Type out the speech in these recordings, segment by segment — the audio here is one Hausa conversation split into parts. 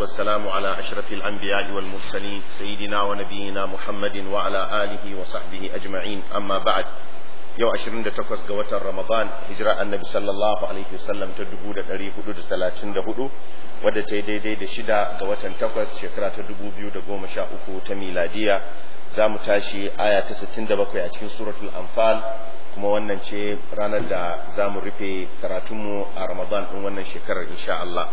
والصلاة والسلام على أشرف الأنبياء والمرسلين سيدنا ونبينا محمد وعلى آله وصحبه أجمعين أما بعد يو أشرين تكوز قوة رمضان هجراء النبي صلى الله عليه وسلم تدبو دتاري حدود ثلاثين دهدو ودى تيدي دي دشدا قوة تكوز شكرا تدبو بيو دقو مشاؤكو تميلادية زامو تاشي آية تستين دبكو يأتين سورة الأنفال kuma wannan ce ranar da za mu rufe karatunmu a ramadan ɗin wannan shekarar insha Allah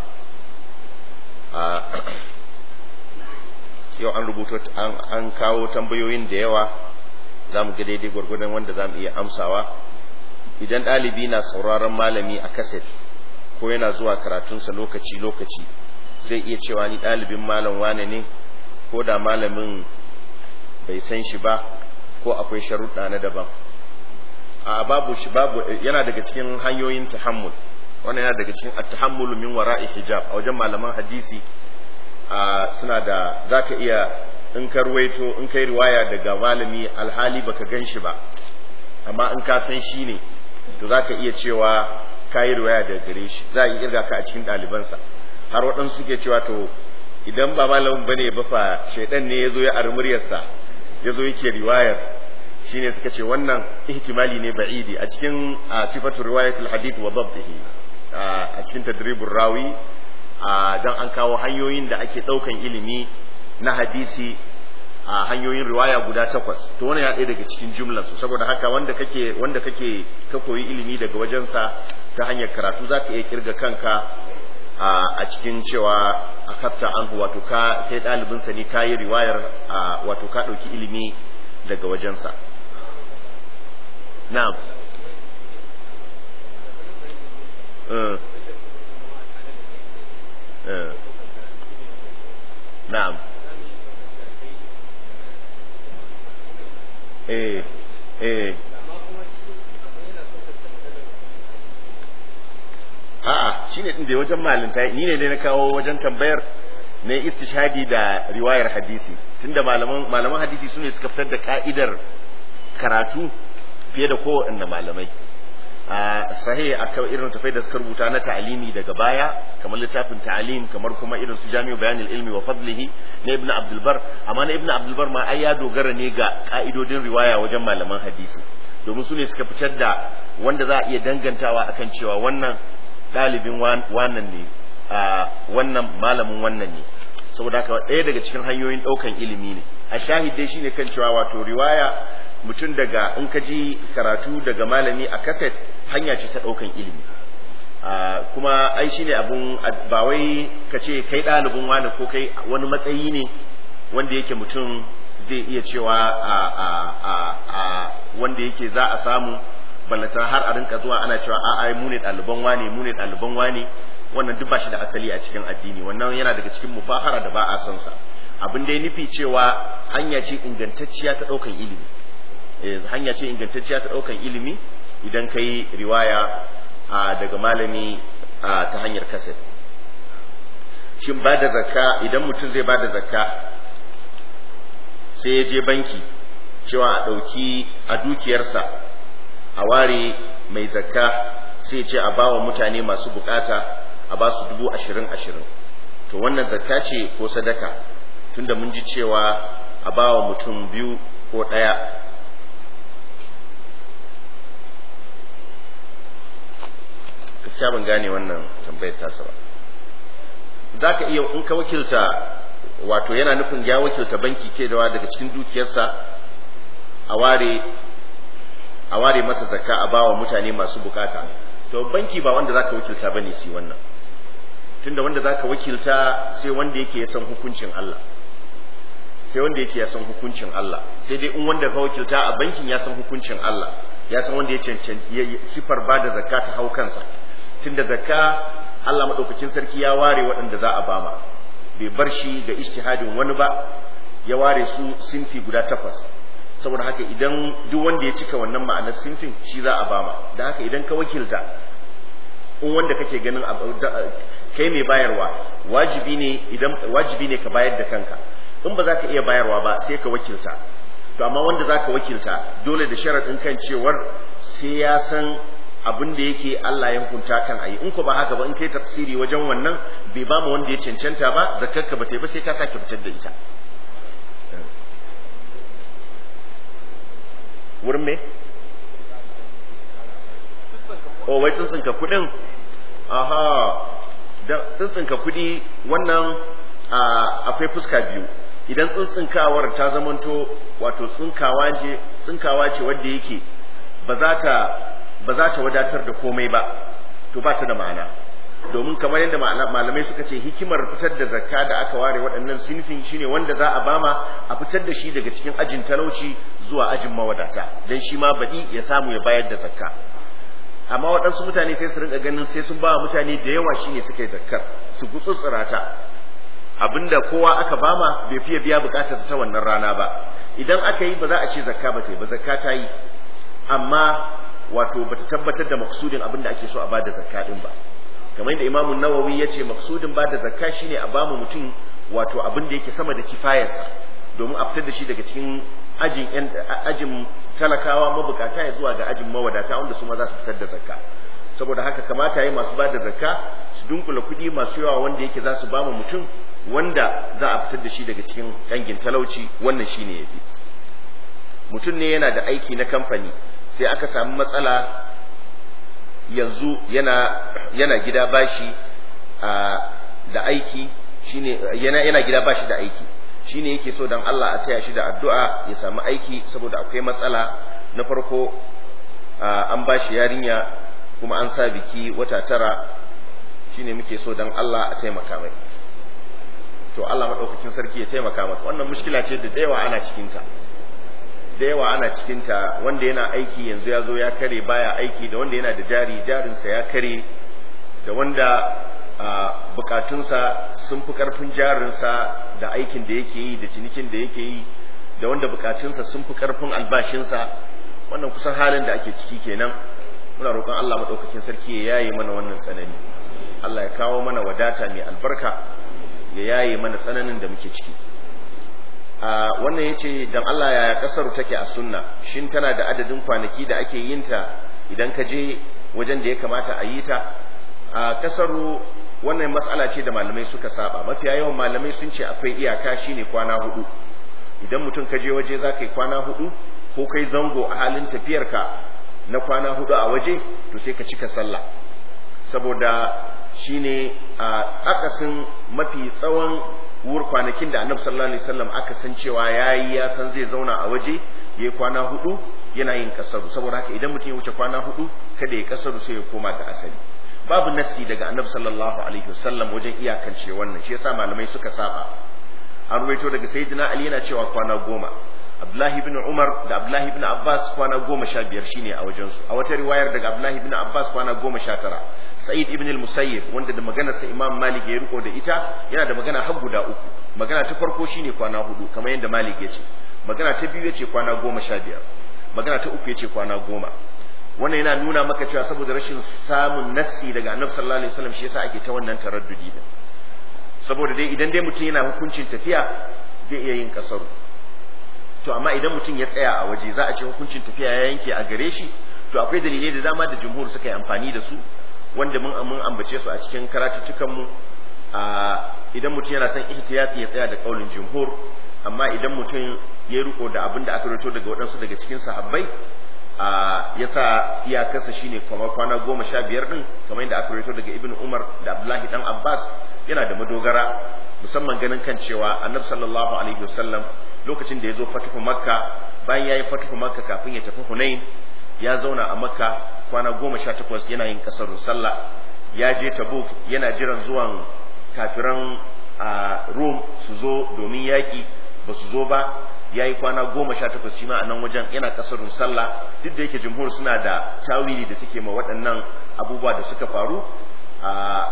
yau an rubuto an kawo tambayoyin da yawa za mu gida daidai gwargwadon wanda za mu iya amsawa idan ɗalibi na sauraron malami a kaset ko yana zuwa karatunsa lokaci-lokaci zai iya cewa ni ɗalibin malam wane ne ko da malamin bai san shi ba ko akwai sharuɗa na daban a babu shi babu yana daga cikin hanyoyin tahammul wannan yana daga cikin at-tahammulu min wara'i hijab a wajen malaman hadisi suna da zaka iya in ka ruwaito in kai riwaya daga malami alhali baka ganshi ba amma in ka san shi ne to zaka iya cewa kayi riwaya daga gare shi za a yi kirga ka a cikin ɗalibansa har waɗansu suke cewa to idan ba malamin bane ba fa shaidan ne yazo ya ari muryarsa yazo yake riwayar shine suka ce wannan ihtimali ne ba'idi a cikin sifatu riwayatul hadith wa dhabtihi a cikin tadribur rawi dan an kawo hanyoyin da ake ɗaukan ilimi na hadisi a hanyoyin riwaya guda takwas to wannan ya ɗaya daga cikin su saboda haka wanda kake wanda kake ka koyi ilimi daga wajensa ta hanyar karatu zaka iya kirga kanka a cikin cewa a kafta an wato ka kai ɗalibinsa ne ka yi riwayar wato ka ɗauki ilimi daga wajensa na'am Eh. Eh. na'am ايه eh. eh a'a shine din da wajen malinta ni ne na kawo wajen tambayar ne istishadi da riwayar hadisi tunda malaman malaman hadisi sune suka fitar da ka'idar karatu fiye da inda malamai a sahi akan irin tafai da suka rubuta na ta'alimi daga baya kamar littafin ta'alim kamar kuma irin su jami'u Bayanin ilmi wa fadlihi na Ibn Abdulbar. amma na Ibn Abdulbar ma ai ya dogara ne ga ka'idodin riwaya wajen malaman hadisi domin su ne suka fitar da wanda za a iya dangantawa kan cewa wannan ɗalibin wannan ne wannan malamin wannan ne saboda haka ɗaya daga cikin hanyoyin ɗaukan ilimi ne a shahid dai shine kan cewa wato riwaya mutum daga in ka ji karatu daga malami a kaset hanya ce ta ɗaukan ilimi ah, kuma ai shine abun ba wai ka ce kai ɗalibin wani ko kai wani matsayi ne wanda yake mutum zai iya cewa a wanda yake za a samu ballata har a rinka zuwa ana cewa a ai mu ne ɗaliban wane mu ne ɗaliban wane wannan duk ba da asali a cikin addini wannan yana daga cikin mufahara da ba a son sa abin da ya nufi cewa hanya ce ingantacciya ta ɗaukan ilimi Eh, hanya ce ingantacciya ta ɗaukan ilimi idan ka yi riwaya daga malami ta hanyar kaset shin ba da zakka idan mutum zai ba da zakka sai ya je banki cewa a ɗauki a dukiyarsa a ware mai zakka sai ce a bawa mutane masu bukata a ba su dubu ashirin ashirin to wannan zakka ce ko sadaka tunda mun ji cewa a bawa mutum biyu ko ɗaya gaskiya ban gane wannan tambayar tasa ba za ka iya in ka wakilta wato yana nufin ya wakilta banki ke dawa daga cikin dukiyarsa a ware a ware masa zakka a bawa mutane masu bukata to banki ba wanda zaka wakilta bane shi wannan tunda wanda zaka wakilta sai wanda yake ya san hukuncin Allah sai wanda yake ya san hukuncin Allah sai dai in wanda ka wakilta a bankin ya san hukuncin Allah ya san wanda ya cancanci sifar bada zakka ta hau kansa tunda zakka Allah madaukakin sarki ya ware waɗanda za a bama bai bar shi ga istihadin wani ba ya ware su sinfi guda takwas saboda haka idan duk wanda ya cika wannan ma'anar sinfin shi za a bama da haka idan ka wakilta in wanda kake ganin kai mai bayarwa wajibi ne idan wajibi ne ka bayar da kanka in ba za ka iya bayarwa ba sai ka wakilta to amma wanda za ka wakilta dole da sharaɗin kan cewar sai ya san abin da yake Allah ya hukunta kan ayi in ko ba haka ba in kai tafsiri wajen wannan bai ba mu wanda ya cancanta ba zakarka ba ta ba sai ka sake fitar da ita wurin me o oh, wai tsuntsunka kudin aha da tsintsinka kudi wannan akwai fuska biyu idan tsinkawar ta zamanto wato tsinkawa ce wadda yake ba za ta ba za ta wadatar da komai ba to ba ta da ma'ana domin kamar yadda malamai suka ce hikimar fitar da zakka da aka ware waɗannan sinfin shine wanda za a bama a fitar da shi daga cikin ajin talauci zuwa ajin mawadata dan shi ma baɗi ya samu ya bayar da zakka amma waɗansu mutane sai su rinka ganin sai sun ba mutane da yawa shine suka yi zakkar su gutsutsura ta abinda kowa aka bama bai fiye biya bukatar ta wannan rana ba idan aka yi ba za a ce zakka ba ta yi ba zakka ta yi amma wato bata tabbatar da maksudin abin da ake so a bada zakka din ba kamar yadda imamu nawawi ya ce maksudin bada zakka shine a bamu mutum wato abin da yake sama da kifayarsa domin a fitar da shi daga cikin ajin talakawa mabukata ya zuwa ga ajin mawadata wanda su ma za su fitar da zakka saboda haka kamata yi masu bada zakka su dunkula kuɗi masu yawa wanda yake za su bamu mutum wanda za a fitar da shi daga cikin kangin talauci wannan shine yafi mutum ne yana da aiki na kamfani sai aka samu matsala yanzu yana yana gida bashi da aiki shine yana yana gida bashi da aiki shine yake so dan Allah a taya shi da addu'a ya samu aiki saboda akwai matsala na farko an bashi yarinya kuma an sa biki wata tara shine muke so dan Allah a taimaka mai to Allah madaukakin sarki ya taimaka maka wannan mushkila ce da dayawa ana cikin ta da yawa ana cikin ta wanda yana aiki yanzu ya zo ya kare baya aiki da wanda yana da jari jarinsa ya kare da wanda bukatunsa sun fi karfin jarinsa da aikin da yake yi da cinikin da yake yi da wanda bukatunsa sun fi karfin albashinsa wannan kusan halin da ake ciki kenan muna roƙon Allah maɗaukakin sarki ya yaye mana wannan tsanani Allah ya kawo mana wadata mai albarka ya yaye mana tsananin da muke ciki wannan ya ce don Allah yaya ƙasar take a sunna shin tana da adadin kwanaki da ake yin ta idan ka je wajen da ya kamata a yi ta a ƙasaru wannan matsala ce da malamai suka saba mafiya yawan malamai sun ce akwai iyaka shine kwana hudu idan mutum ka je waje za ka yi kwana hudu ko kai zango a halin tafiyarka na kwana hudu a waje to sai ka cika sallah saboda shine a akasin mafi tsawon uwar kwanakin da annabi sallallahu alaihi wasallam aka san cewa yayi ya san zai zauna a waje yayi kwana hudu yana yin kasaru saboda haka idan mutum ya wuce kwana hudu kada ya kasaru sai ya koma ga asali babu nassi daga annabi sallallahu alaihi wasallam wajen iyakance wannan shi yasa malamai suka saba an ruwaito daga sayyidina ali yana cewa kwana goma Abdullahi ibn Umar da Abdullahi ibn Abbas kwana goma sha biyar shine a wajen su a wata riwayar daga Abdullahi ibn Abbas kwana goma sha tara Sa'id ibn al-Musayyib wanda da magana sa Imam Malik ya riko da ita yana da magana har guda uku magana ta farko shine kwana hudu kamar yadda Malik ya ce magana ta biyu yace ce kwana goma sha biyar magana ta uku ya ce kwana goma wannan yana nuna maka cewa saboda rashin samun nassi daga Annabi sallallahu alaihi wasallam shi yasa ake ta wannan taraddudi din saboda dai idan dai mutum yana hukuncin tafiya zai iya yin kasaru to amma idan mutum ya tsaya a waje za a ce hukuncin tafiya ya yanke a gare shi to akwai dalilai da dama da jumhur suka yi amfani da su wanda mun mun ambace su a cikin karatuttukan mu idan mutum yana son ihtiyati ya tsaya da kaulin jumhur amma idan mutum ya riko da abin da aka rito daga waɗansu daga cikin sahabbai ya sa iyakarsa shine kamar kwana goma sha biyar ɗin kamar yadda aka rito daga ibn umar da abdullahi dan abbas yana da madogara musamman ganin kan cewa annabi sallallahu alaihi wasallam lokacin da ya zo fatuhu makka bayan ya yi fatuhu makka kafin ya tafi hunain ya zauna a makka kwana goma sha takwas yana yin kasar sallah ya je tabuk yana jiran zuwan kafiran a rom su zo domin yaƙi ba su zo ba ya yi kwana goma sha takwas shi ma a nan wajen yana kasar sallah duk da yake jimhur suna da tawili da suke ma waɗannan abubuwa da suka faru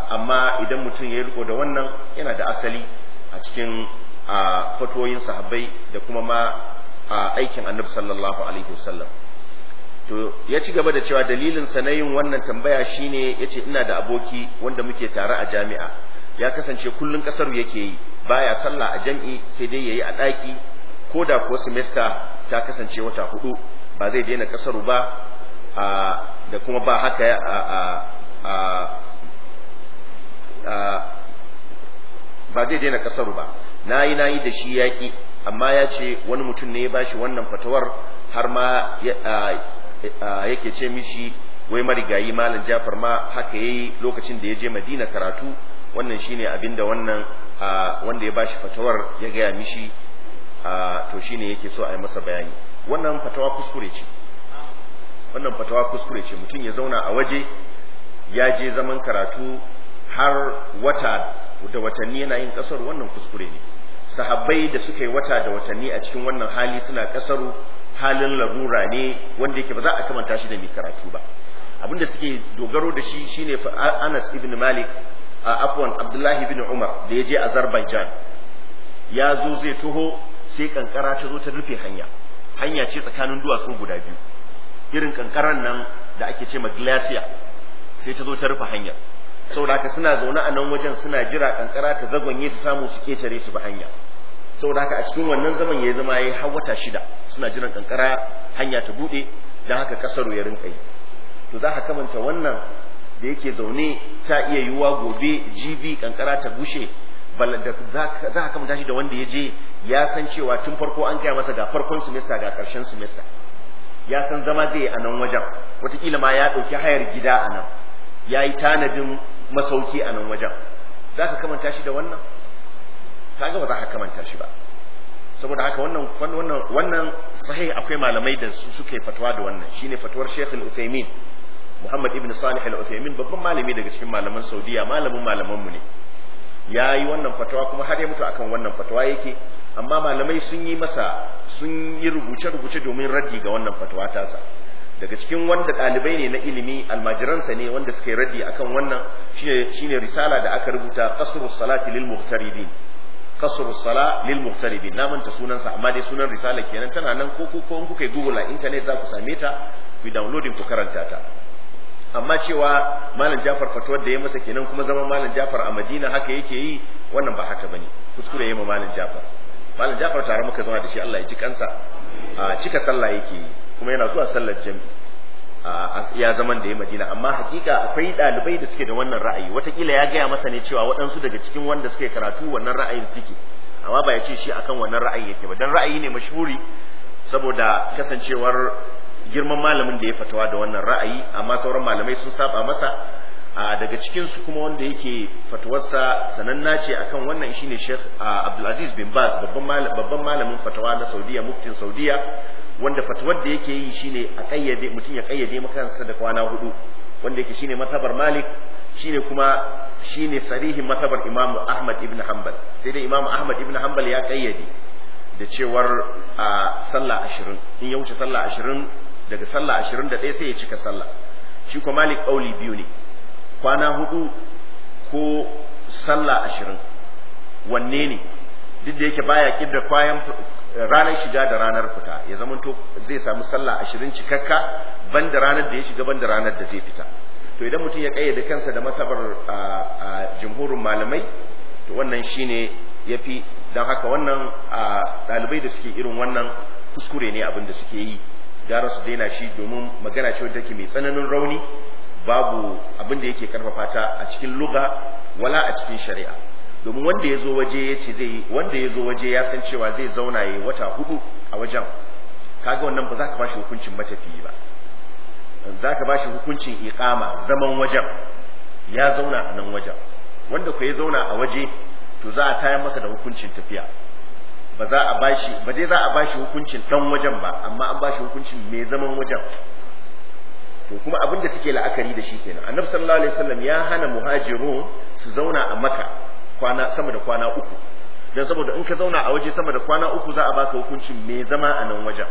amma idan mutum ya riko da wannan yana da asali a cikin a fatoyin sahabbai da kuma ma a aikin annabi sallallahu alaihi wasallam to ya ci gaba da cewa dalilin sa na yin wannan tambaya shine yace ina da aboki wanda muke tare a jami'a ya kasance kullun kasar yake yi baya sallah a jami'i sai dai yayi a daki ko da kuwa semester ta kasance wata hudu ba zai daina kasaru ba da kuma ba haka ba zai daina kasaru ba Na yi na yi da shi yaƙi amma ya ce wani mutum ne ya ba shi wannan fatawar har ma yake ce mishi wai marigayi malam jafar ma haka ya yi lokacin da ya je madina karatu wannan shi abin abinda wannan wanda ya ba shi fatawar ya gaya mishi to shi ne yake so a yi masa bayani wannan fatawa kuskure ce wannan fatawa kuskure ce mutum ya zauna a waje ya je zaman karatu har wata da watanni yana yin kasar wannan kuskure ne sahabbai da suka yi wata da watanni a cikin wannan hali suna kasaru halin larura ne wanda yake ba za a kamanta shi da mai karatu ba Abin da suke dogaro da shi shine Anas ibn Malik a afwan Abdullahi ibn Umar da ya je Azerbaijan ya zo zai taho sai kankara ta zo ta rufe hanya hanya ce tsakanin duwatsu guda biyu irin kankaran nan da ake ce ma glacier sai ta zo ta rufe hanyar saboda haka suna zaune a nan wajen suna jira kankara ta zagonye ta samu su ketare su ba hanya saboda haka a cikin wannan zaman ya zama ya har wata shida suna jiran kankara hanya ta bude don haka kasaro ya rinka yi to za ka kamanta wannan da yake zaune ta iya yiwuwa gobe jibi kankara ta bushe za ka kamanta shi da wanda ya je ya san cewa tun farko an gaya masa ga farkon semester ga karshen semester ya san zama zai a nan wajen wataƙila ma ya ɗauki hayar gida a nan ya yi tanadin masauki a nan wajen za ka kamanta shi da wannan ta ba za ka kamanta shi ba saboda haka wannan wannan wannan sahih akwai malamai da su suke fatwa da wannan shine fatwar Sheikh Al-Uthaymeen Muhammad ibn Salih Al-Uthaymeen babban malami daga cikin malaman Saudiya malamin malaman mu ne yayi wannan fatawa kuma har ya mutu akan wannan fatawa yake amma malamai sun yi masa sun yi rubuce-rubuce domin raddi ga wannan fatawa tasa daga cikin wanda ɗalibai ne na ilimi almajiransa ne wanda suke radi akan wannan shine risala da aka rubuta qasrus salati lil muhtaribin qasrus sala lil muhtaribin na manta sunansa amma dai sunan risala kenan tana nan ko ko kuka google a internet za ku same ta ku downloading ku karanta ta amma cewa malam Jafar fatuwar da ya masa kenan kuma zaman malam Jafar a Madina haka yake yi wannan ba haka bane kuskure yayi ma malam Jafar malam Jafar tare muka zauna da shi Allah ya ji kansa a cika sallah yake yi kuma yana zuwa sallar jami'i ya zaman da ya madina amma hakika akwai ɗalibai da suke da wannan ra'ayi watakila ya gaya masa ne cewa waɗansu daga cikin wanda suke karatu wannan ra'ayin suke amma ba ya ce shi akan wannan ra'ayi yake ba dan ra'ayi ne mashuri. saboda kasancewar girman malamin da ya fatawa da wannan ra'ayi amma sauran malamai sun saba masa a daga cikin su kuma wanda yake fatawarsa sananna ce akan wannan shine Sheikh Abdulaziz bin Baz babban malamin fatawa na Saudiya muftin Saudiya wanda fatuwar da yake yi shine a kayyade mutum ya kayyade makansa da kwana hudu wanda yake shine matabar malik shine kuma shine sarihin matabar imam ahmad ibn hanbal sai dai imam ahmad ibn hanbal ya kayyade da cewar a sallah ashirin in ya wuce sallah ashirin daga sallah ashirin da sai ya cika sallah shi kuma malik ƙauli biyu ne kwana hudu ko sallah ashirin wanne ne duk da yake baya kidda kwayan ranar shiga da ranar fita ya zamanto zai samu sallah ashirin cikakka ban da ranar da ya shiga ban da ranar da zai fita to idan mutum ya kayyade kansa da masabar jimhurin malamai to wannan shine fi don haka wannan ɗalibai da suke irin wannan kuskure ne abin da suke yi gara su daina shi domin magana ce wadda take mai tsananin rauni babu abin da yake karfafa ta a cikin luga wala a cikin shari'a domin wanda ya zo waje ya ce zai wanda ya zo waje ya san cewa zai zauna ya wata hudu a wajen kaga wannan ba za ka bashi hukuncin matafiyi ba za ka bashi hukuncin iqama zaman wajen ya zauna a nan wajen wanda ku ya zauna a waje to za a tayar masa da hukuncin tafiya ba za a bashi ba dai za a bashi hukuncin dan wajen ba amma an bashi hukuncin mai zaman wajen to kuma abin da suke la'akari da shi kenan annabi sallallahu alaihi wasallam ya hana muhajirun su zauna a maka kwana sama da kwana uku don saboda in ka zauna a waje sama da kwana uku za a baka hukuncin mai zama a nan wajen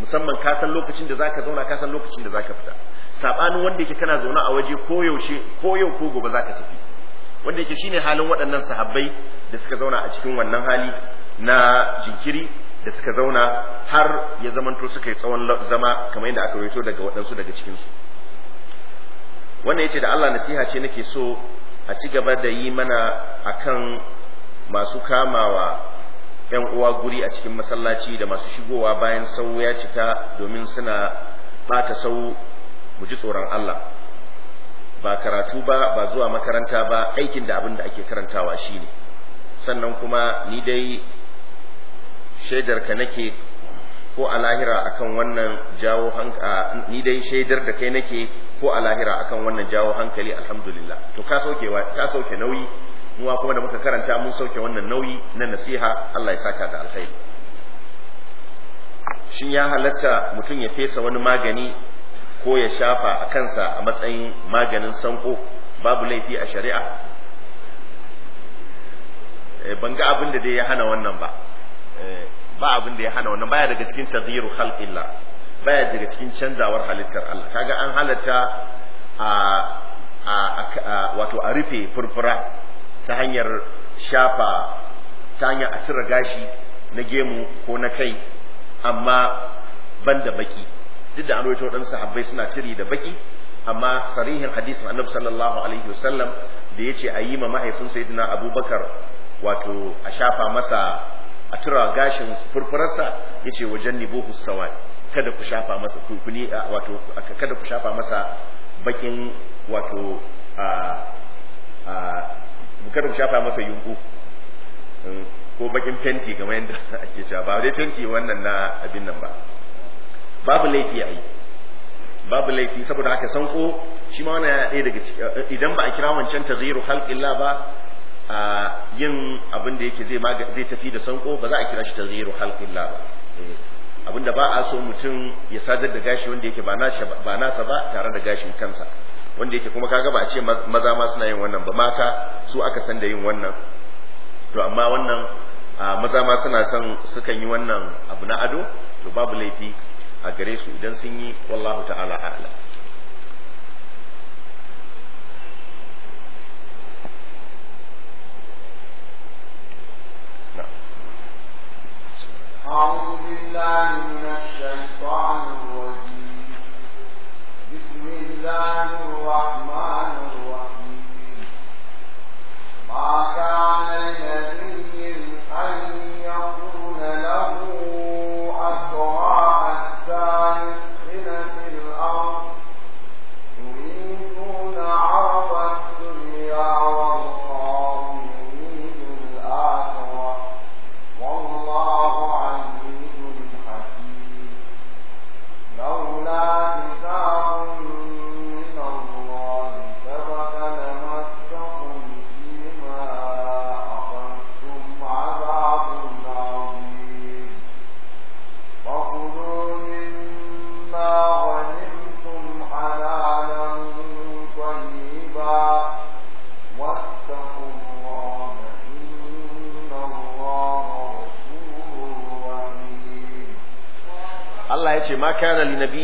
musamman ka san lokacin da zaka zauna ka san lokacin da zaka fita sabanin wanda yake kana zaune a waje ko yaushe ko yau ko gobe zaka tafi wanda yake shine halin waɗannan sahabbai da suka zauna a cikin wannan hali na jinkiri da suka zauna har ya zamanto suka yi tsawon zama kamar yadda aka rawaito daga waɗansu daga cikinsu wannan ya ce da Allah nasiha ce nake so a ci gaba da yi mana a kan masu kamawa yan uwa guri a cikin masallaci da masu shigowa bayan sau ya cika domin suna bata sau mu ji tsoron Allah ba karatu ba ba zuwa makaranta ba aikin da abin da ake karantawa shi ne, sannan kuma ni dai shaidar ka nake ko a lahira akan wannan jawo hanka ni dai shaidar da kai nake ko a lahira akan wannan jawo hankali alhamdulillah to ka sauke ka sauke nauyi muwa kuma da muka karanta mun sauke wannan nauyi na nasiha Allah ya saka da alkhairi shin ya halatta mutum ya fesa wani magani ko ya shafa a kansa a matsayin maganin sanko babu laifi a shari'a eh, ban ga abin da dai ya hana wannan ba eh, ba abin da ya hana wannan baya daga cikin tadhiru khalqillah baya daga cikin canzawar halittar Allah kaga an halatta a wato a rufe furfura ta hanyar shafa ta hanyar a cire gashi na gemu ko na kai amma ban da baki duk da an rawaito dan sahabbai suna ciri da baki amma sarihin hadisin annabi sallallahu alaihi wasallam da yace a yi ma mahaifin sayyidina abubakar wato a shafa masa a tura gashin furfurarsa yace wajen nibuhu sawai kada ku shafa masa kukuni wato kada ku shafa masa bakin wato a kada ku shafa masa yunku um, ko bakin fenti game yadda ake cewa ba dai fenti wannan na abin nan ba babu laifi a yi babu laifi saboda haka sanko shi ma wani ɗaya daga uh, idan ba a kira wancan taghiru illa ba a yin abin da yake zai zai tafi da sanko ba za a kira shi taghiru illa ba eh, abinda ba a so mutum ya sadar da gashi wanda yake ba nasa ba tare da gashin kansa wanda yake kuma kaga ba a ce maza ma suna yin wannan ba mata su aka san da yin wannan to amma wannan maza ma suna son sukan yi wannan abu na ado to babu laifi a gare su idan sun yi wallahu ta'ala a'lam أعوذ بالله من الشيطان الرجيم بسم الله الرحمن الرحيم ما كان لنبي أن له أسرى حتى في الأرض تريدون عرض الدنيا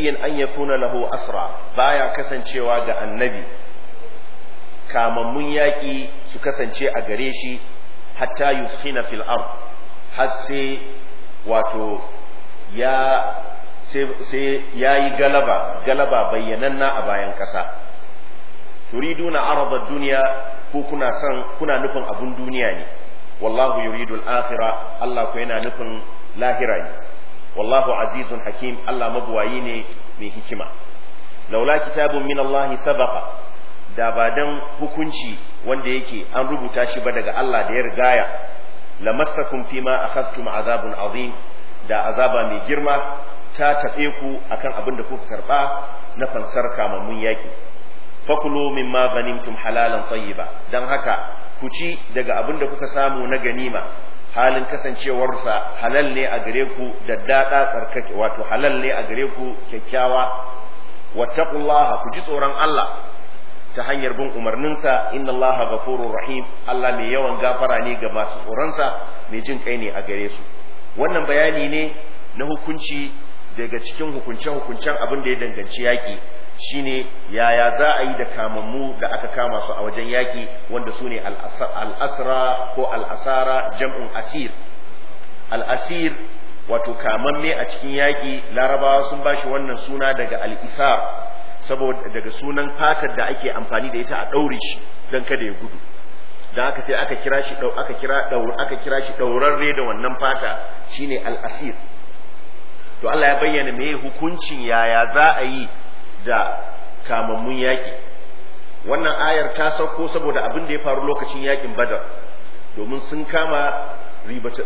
nabiyyin an yakuna lahu asra baya kasancewa ga annabi kamammun yaƙi su kasance a gare shi hatta yuskhina fil ard har sai wato ya sai yayi galaba galaba bayyananna a bayan ƙasa turiduna arada duniya ko kuna son kuna nufin abun duniya ne wallahu yuridul akhirah Allah ko yana nufin lahira ne wallahu azizun hakim Allah mabuwayi ne mai hikima laula kitabun min Allah da ba dan hukunci wanda yake an rubuta shi ba daga Allah da ya rigaya lamassakum ma akhadtum azabun azim da azaba mai girma ta taɓe ku akan abin da kuka karɓa na fansar kamammun yaki fakulu mimma ghanimtum halalan tayyiba dan haka ku ci daga abin da kuka samu na ganima halin kasancewarsa halal ne a gare ku da daɗa tsarkake wato halal ne a gare ku kyakkyawa wattaqullaha ku ji tsoron Allah ta hanyar bin umarninsa inna Allah ghafurur rahim Allah mai yawan gafara ne ga masu tsoronsa mai jin kai ne a gare su wannan bayani ne na hukunci daga cikin hukunce-hukuncen abin da ya danganci yaƙi shine yaya za a yi da kamammu da aka kama su a wajen yaƙi wanda su ne al'asra ko al'asara jam'in asir al'asir wato kamamme a cikin yaƙi larabawa sun ba shi wannan suna daga al'isar saboda daga sunan fatar da ake amfani da ita a ɗaure shi don kada ya gudu don haka sai aka kira shi aka kira aka kira shi ɗaurarre da wannan fata shine al'asir to Allah ya bayyana me hukuncin yaya za a yi da kamammun yaƙi wannan ayar ta sauko saboda abin da ya faru lokacin yaƙin badar domin sun kama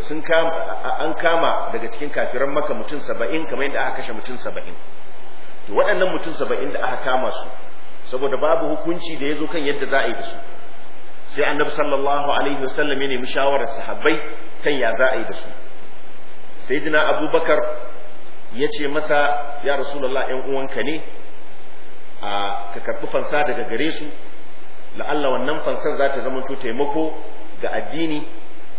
sun kama an kama daga cikin kafiran maka mutum saba'in kamar yadda aka kashe mutum saba'in to waɗannan mutum saba'in da aka kama su saboda babu hukunci da ya zo kan yadda za a yi da su sai annabi sallallahu alaihi wasallam ya nemi shawarar sahabbai kan ya za a yi da su sai abubakar ya ce masa ya rasulullah yan uwanka ne a ka karɓi fansa daga gare su la'alla wannan fansar za ta zama taimako ga addini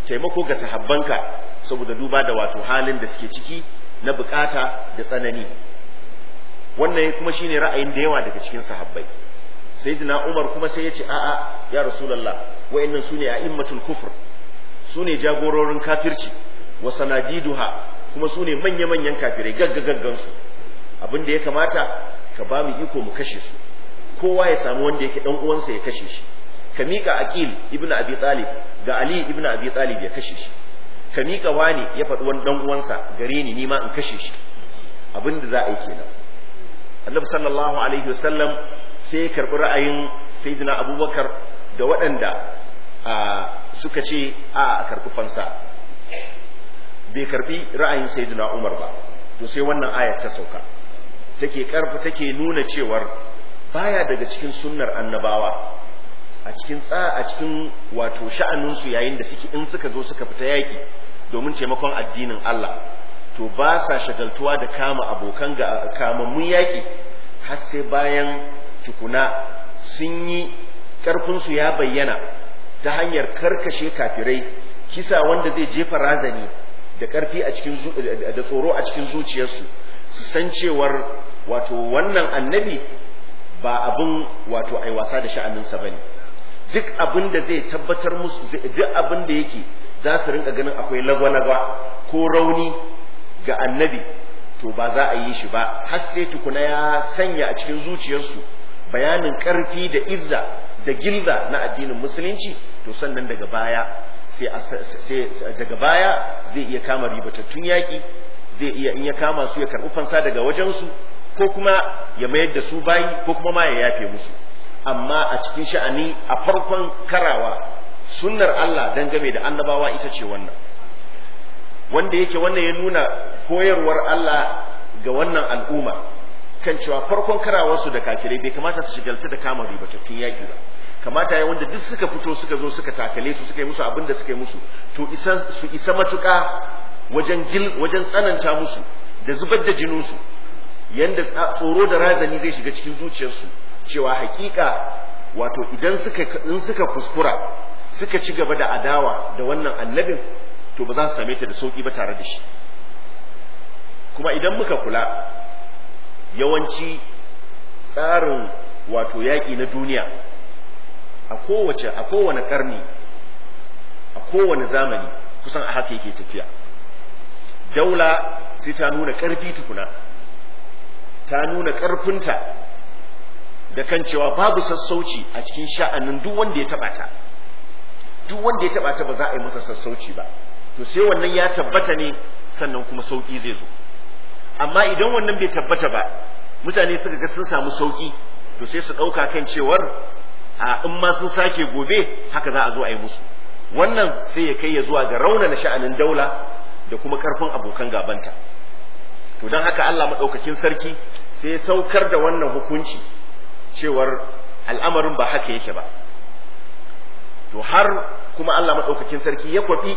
taimako ga sahabbanka saboda duba da wato halin da suke ciki na bukata da tsanani wannan kuma shine ra'ayin da yawa daga cikin sahabbai sayyidina Umar kuma sai ya ce a'a ya rasulullah wa'annan sune a'immatul kufr sune jagororin kafirci wa sanadiduha kuma sune manya-manyan kafirai gagga-gaggan su abin da ya kamata ka ba mu iko mu kashe su kowa ya samu wanda yake dan uwansa ya kashe shi ka miƙa aqil ibnu abi talib ga ali ibnu abi talib ya kashe shi ka miƙa wani ya faɗi wani dan uwansa gare ni nima in kashe shi abin da za a yi kenan annabi sallallahu alaihi wasallam sai ya karɓi ra'ayin sayyidina abubakar da waɗanda suka ce a karɓi fansa bai karɓi ra'ayin sayyidina umar ba to sai wannan ayar ta sauka take karfa take nuna cewar baya daga cikin sunnar annabawa a cikin tsa a cikin wato sha'aninsu yayin da suke in suka zo suka fita yaƙi domin taimakon addinin Allah to ba sa shagaltuwa da kama abokan ga mun yaƙi har sai bayan tukuna sun yi karfin su ya bayyana ta hanyar karkashe kafirai kisa wanda zai jefa razani da karfi da tsoro a cikin zuciyarsu su san cewar wato wannan annabi ba abin wato ai wasa da sha'aninsa ba ne duk abin da zai tabbatar musu duk abin da yake za su rinka ganin akwai lagwa ko rauni ga annabi to ba za a yi shi ba har sai tukuna ya sanya a cikin zuciyarsu bayanin ƙarfi da izza da gilza na addinin musulunci to sannan daga baya sai daga baya zai iya kama ribatattun yaƙi zai iya in ya kama su ya karɓi fansa daga wajensu ko kuma ya mayar da su bayi ko kuma ma ya yafe musu amma a cikin sha'ani a farkon karawa sunnar Allah game da annabawa ita ce wannan wanda yake wannan ya nuna koyarwar Allah ga wannan al'umma kan cewa farkon karawarsu da kakirai bai kamata su shigalci da kama riba ribatattun yaƙi ba kamata ya wanda duk suka fito suka zo suka takale su suka yi musu abin da suka yi musu to isa su isa matuƙa wajen gil wajen tsananta musu da zubar da jininsu yanda tsoro da razani zai shiga cikin zuciyarsu cewa hakika wato idan suka in suka kuskura suka ci gaba da adawa da wannan annabin to ba za su same ta da sauki ba tare da shi kuma idan muka kula yawanci tsarin wato yaƙi na duniya a kowace a kowane ƙarni a kowane zamani kusan a haka yake tafiya daula sai ta nuna ƙarfi tukuna ta nuna ƙarfinta da kan cewa babu sassauci a cikin sha'anin duk wanda ya taɓa ta duk wanda ya taɓa ta ba za a yi masa sassauci ba to sai wannan ya tabbata ne sannan kuma sauƙi zai zo amma idan wannan bai tabbata ba mutane suka ga sun samu sauƙi to sai su ɗauka kan cewar a in ma sun sake gobe haka za a zo a yi musu wannan sai ya kai ya zuwa ga rauna na sha'anin daula da kuma ƙarfin abokan gabanta to don haka Allah maɗaukakin sarki sai saukar da wannan hukunci cewar al'amarin ba haka yake ba to har kuma Allah maɗaukakin sarki ya kwafi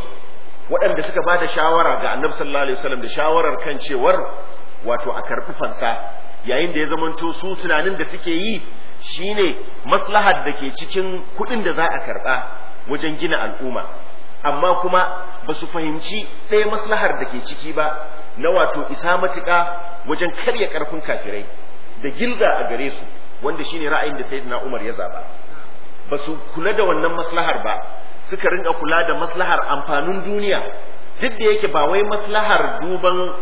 waɗanda suka ba da shawara ga annabi sallallahu alaihi wasallam da shawarar kan cewar wato a karɓi fansa yayin da ya zamanto su tunanin da suke yi shine maslahar da ke cikin kuɗin da za a karɓa wajen gina al'umma amma kuma ba su fahimci ɗaya maslahar da ke ciki ba na wato isa matuƙa wajen karya ƙarfin kafirai da gilza a gare su wanda shine ra'ayin da sayyidina Umar ya zaba ba su kula da wannan maslahar ba suka rinka kula da maslahar amfanin duniya duk da yake ba wai maslahar duban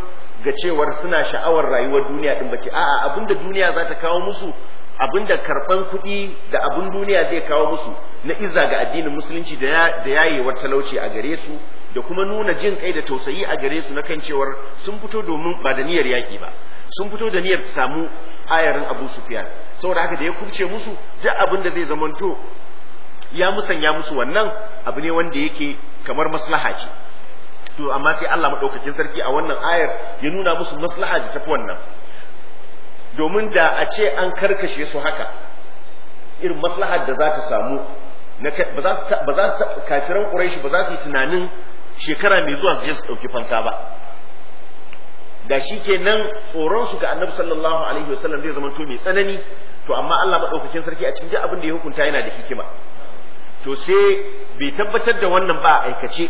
ga cewar suna sha'awar rayuwar duniya din bace a'a abinda duniya za ta kawo musu abinda karban kuɗi da abun duniya zai kawo musu na izza ga addinin musulunci da yayewar talauci a gare su da kuma nuna jin kai da tausayi a gare su na kan cewar sun fito domin ba da niyyar yaƙi ba sun fito da niyyar samu ayarin abu sufiyar, saboda haka da ya kubce musu duk abin da zai zamanto ya musanya musu wannan abu ne wanda yake kamar maslaha ce to amma sai Allah madaukakin sarki a wannan ayar ya nuna musu maslaha da tafi wannan domin da a ce an karkashe su haka irin maslahar da za ta samu ba za su kafiran ba za su yi tunanin shekara mai zuwa su je su ɗauki fansa ba da shi ke nan tsoron su ga annabi sallallahu alaihi wasallam zai zama to mai tsanani to amma Allah maɗaukakin sarki a cikin abin da ya hukunta yana da hikima to sai bai tabbatar da wannan ba a aikace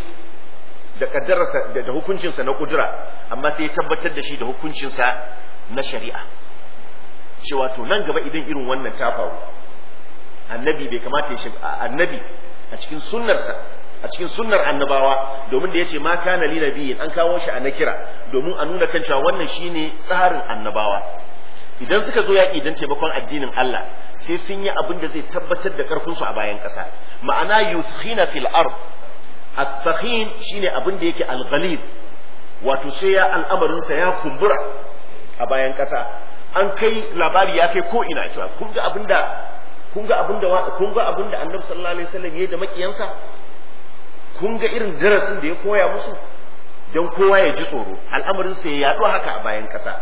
da kaddararsa da hukuncinsa na kudura amma sai ya tabbatar da shi da hukuncinsa na shari'a cewa to nan gaba idan irin wannan ta faru annabi bai kamata ya shiga annabi a cikin sunnarsa a cikin sunnar annabawa domin da yace ma kana li nabiyin an kawo shi a nakira domin a nuna kan cewa wannan shine tsarin annabawa idan suka zo yaki don taimakon addinin Allah sai sun yi abin da zai tabbatar da karfin su a bayan ƙasa ma'ana yuskhina fil ard as sakhin shine abin da yake al-ghaliz wato sai ya al'amarin sa ya kumbura a bayan ƙasa an kai labari ya kai ko ina cewa kun ga abin da kun ga abin da kun ga abin da Annabi sallallahu alaihi wasallam da makiyansa kun ga irin darasin da ya koya musu don kowa ya ji tsoro al'amarin sai ya yaɗu haka a bayan ƙasa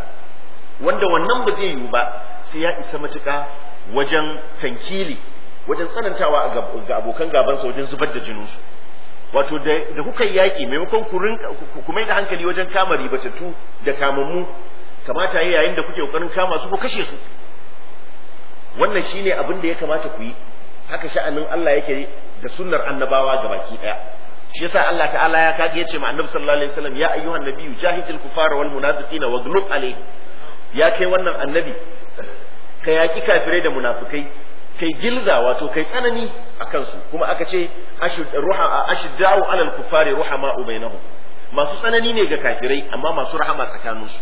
wanda wannan ba zai yiwu ba sai ya isa matuka wajen tankili wajen tsanantawa ga abokan gabansa wajen zubar da jinin su. wato da kuka yi yaƙi maimakon ku mai da hankali wajen kama ribatattu da kamammu kamata yi yayin da kuke ƙoƙarin kama su ku kashe su wannan shine abin da ya kamata ku yi haka sha'anin Allah yake da sunnar annabawa gabaki baki ɗaya shi yasa Allah ta'ala ya kage yace ma annabi sallallahu alaihi wasallam ya ayyuhan nabiyyu jahidil kufara wal munafiqina waghlub alayhi ya kai wannan annabi ka yaki kafirai da munafikai kai gilza wato kai tsanani a kansu kuma aka ce ashidda'u alal kufari ma bainahum masu tsanani ne ga kafirai amma masu rahama tsakaninsu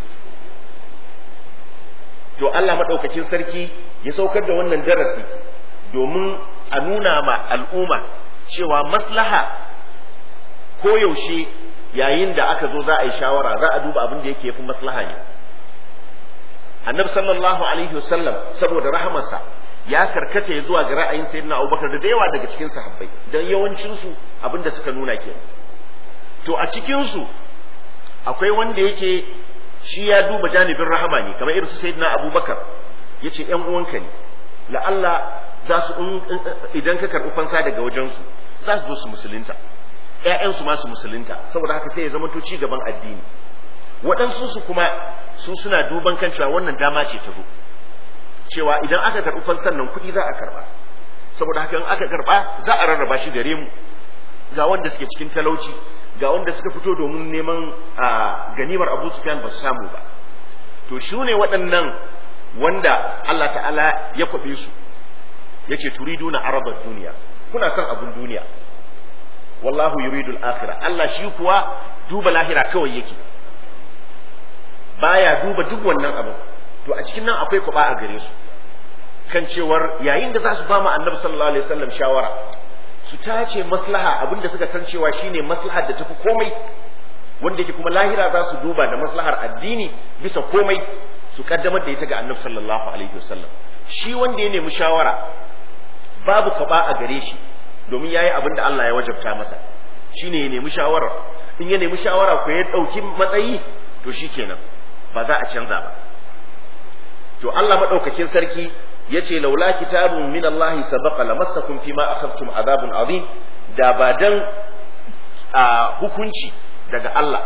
to Allah madaukakin sarki ya saukar da wannan darasi domin a nuna ma al'umma cewa maslaha koyaushe yayin da aka zo za a yi shawara za a duba abin da yake fi maslaha ne annabi sallallahu alaihi wasallam saboda rahamarsa ya karkace zuwa ga ra'ayin sayyidina abubakar da yawa daga cikin sahabbai don yawancinsu abin da suka nuna ke to a cikinsu akwai wanda yake shi ya duba janibin rahama ne kamar irin su sayyidina abubakar ya ce ‘yan uwanka ne la'alla za su idan ka karɓi fansa daga wajensu za su zo su musulunta ‘ya'yansu masu musulunta saboda haka sai ya zama to gaban addini waɗansu su kuma su suna duban kan cewa wannan dama ce ta zo cewa idan aka karɓi fansan nan kuɗi za a karɓa saboda haka in aka karɓa za a rarraba shi gare mu ga wanda suke cikin talauci ga wanda suka fito domin neman a ganimar abu sufyan ba su samu ba to shi ne waɗannan wanda Allah ta'ala ya kwaɓe su ya ce turiduna arabar duniya kuna son abin duniya wallahu yuridu al-akhirah Allah shi kuwa duba lahira kawai yake baya duba duk wannan abu to a cikin nan akwai kuba a gare su kan cewar yayin da za su ba mu annabi sallallahu alaihi wasallam shawara su tace maslaha abinda suka san cewa shine maslaha da tafi komai wanda yake kuma lahira za su duba da maslahar addini bisa komai su kaddamar da ita ga annabi sallallahu alaihi wasallam shi wanda ya nemi shawara babu kwaba a gare shi domin yayi abin da Allah ya wajabta masa shine ya nemi shawara in ya nemi shawara ko ya dauki matsayi to shi kenan ba za a canza ba to Allah madaukakin sarki yace laula kitabun min Allah sabaqa lamassakum fima akhadtum adabun azim da ba dan hukunci daga Allah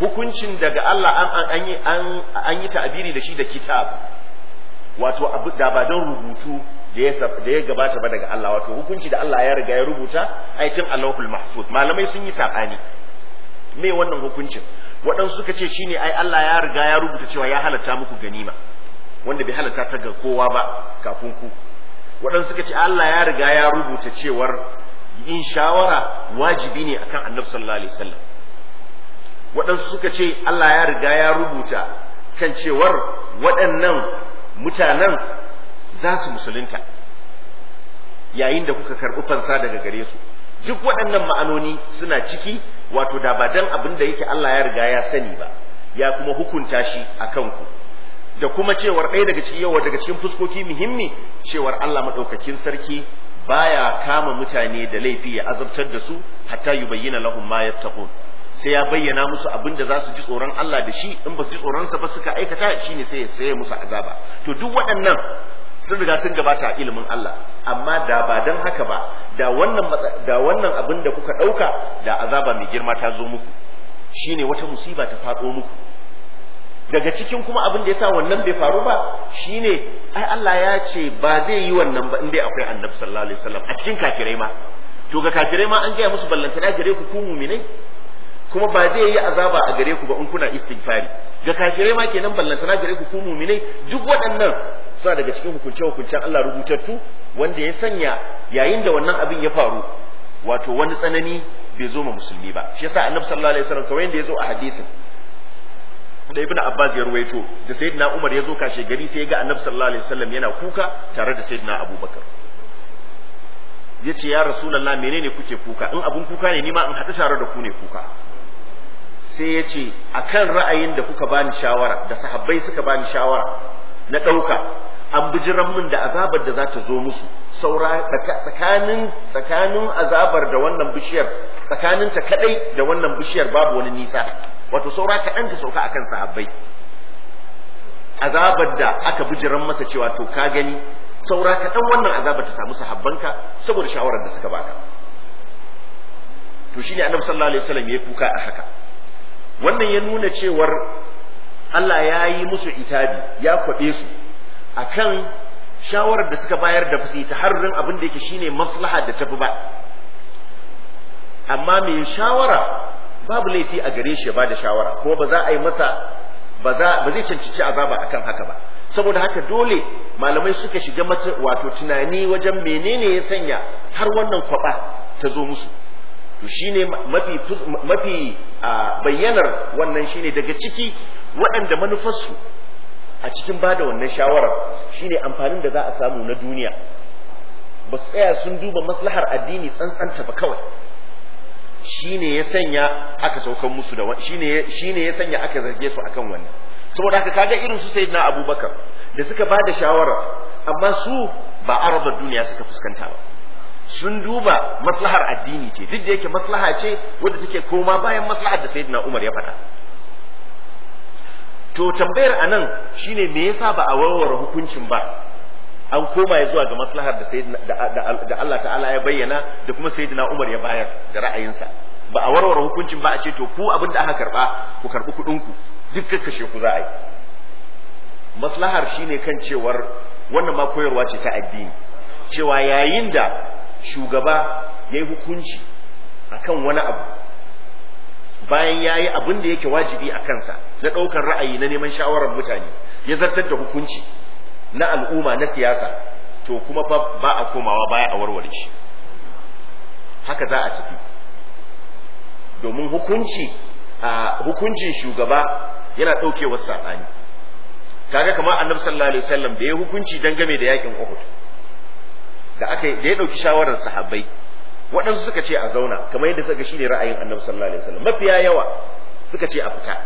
hukuncin daga Allah an an an yi ta'abiri da shi da kitab wato da ba don rubutu da ya gabata ba daga Allah wato hukunci da Allah ya riga ya rubuta aikin Allahul Mahfuz malamai sun yi sabani me wannan hukuncin waɗansu suka ce shine ai Allah ya riga ya rubuta cewa ya halatta muku ganima wanda bai halatta ta ga kowa ba kafin ku waɗansu suka ce Allah ya riga ya rubuta cewar yin shawara wajibi ne akan Annabi sallallahu alaihi wasallam waɗansu suka ce Allah ya riga ya rubuta kan cewar waɗannan mutanen za su musulunta yayin da kuka karɓi fansa daga gare su duk waɗannan ma'anoni suna ciki wato da ba dan abin da yake Allah ya riga ya sani ba ya kuma hukunta shi a kanku da kuma cewar ɗaya daga cikin yawa daga cikin fuskoki muhimmi cewar Allah maɗaukakin sarki baya kama mutane da laifi ya azabtar da su hatta yubayyana lahum ma yattaqun sai ya bayyana musu abin da za su ji tsoron Allah da shi in ba su ji tsoronsa ba suka aikata shi ne sai ya musu azaba to duk waɗannan sun riga sun gabata a ilimin Allah amma da ba dan haka ba da wannan da wannan abin da kuka ɗauka da azaba mai girma ta zo muku shine wata musiba ta faɗo muku daga cikin kuma abin da yasa wannan bai faru ba shine ai Allah ya ce ba zai yi wannan ba in dai akwai annabi sallallahu alaihi wasallam a cikin kafirai ma to ga kafirai ma an gaya musu ballantana gare ku ku mu'minai kuma ba zai yi azaba a gare ku ba in kuna istighfari ga kafirai ma kenan ballantana gare ku ku muminai duk waɗannan suna daga cikin hukunce hukuncen Allah rubutattu wanda ya sanya yayin da wannan abin ya faru wato wani tsanani bai zo ma musulmi ba shi yasa annabi sallallahu alaihi wasallam kawai yadda ya zo a hadisin da ibnu abbas ya ruwaito da sayyidina umar ya zo kashe gari sai ya ga annabi sallallahu alaihi wasallam yana kuka tare da sayyidina abubakar ya ce ya rasulallah menene kuke kuka in abun kuka ne ni ma in haɗu tare da ku ne kuka sai ya ce a kan ra'ayin da kuka bani shawara da sahabbai suka bani shawara na ɗauka an bijiran min da azabar da za ta zo musu saura tsakanin tsakanin azabar da wannan bishiyar tsakanin ta kadai da wannan bishiyar babu wani nisa wato saura kaɗan ta sauka akan sahabbai azabar da aka bijiran masa cewa to ka gani saura kaɗan wannan azabar ta samu sahabbanka saboda shawarar da suka baka to shine annabi sallallahu alaihi wasallam ya kuka a haka wannan ya nuna cewar Allah ya yi musu itabi ya kwaɗe su akan shawarar da suka bayar da fusi ta harin abin da yake shine maslaha da tafi ba amma mai shawara babu laifi a gare shi ya da shawara ko ba za a yi masa ba zai cancanci azaba kan haka ba saboda haka dole malamai suka shiga wato tunani wajen menene ya sanya har wannan kwaba ta zo musu to shine mafi mafi bayyanar wannan shine daga ciki waɗanda manufarsu a cikin bada wannan shawarar shine amfanin da za a samu na duniya ba su tsaya sun duba maslahar addini tsantsanta ba kawai shine ya sanya aka saukan musu da shine shine ya sanya aka zarge su akan wannan saboda haka kaga irin su sayyidina abubakar da suka bada shawarar amma su ba arabar duniya suka fuskanta ba sun duba maslahar addini ce duk da yake maslaha ce wadda take koma bayan maslahar da sayyidina Umar ya faɗa to tambayar anan shine me yasa ba a warware hukuncin ba an koma ya zuwa ga maslahar da sayyidina da Allah ta'ala ya bayyana da kuma sayyidina Umar ya bayar da ra'ayinsa ba a warware hukuncin ba a ce to ku abin da aka karba ku karbi kuɗin ku duk kashe ku za a yi maslahar shine kan cewar wannan ma koyarwa ce ta addini cewa yayin da shugaba ya yi hukunci a kan wani abu bayan ya yi abin da yake wajibi a kansa na ɗaukar ra'ayi na neman shawarar mutane ya zartar da hukunci na al'umma na siyasa to kuma ba a komawa baya a warware shi haka za a tafi domin hukunci a hukuncin shugaba yana ɗaukewar saɓani kaga kamar annabi sallallahu alaihi wasallam da ya hukunci dangane da yakin Uhud da aka da ya dauki shawarar sahabbai waɗansu suka ce a zauna kamar yadda suka shine ra'ayin annabi sallallahu alaihi wasallam mafiya yawa suka ce a fita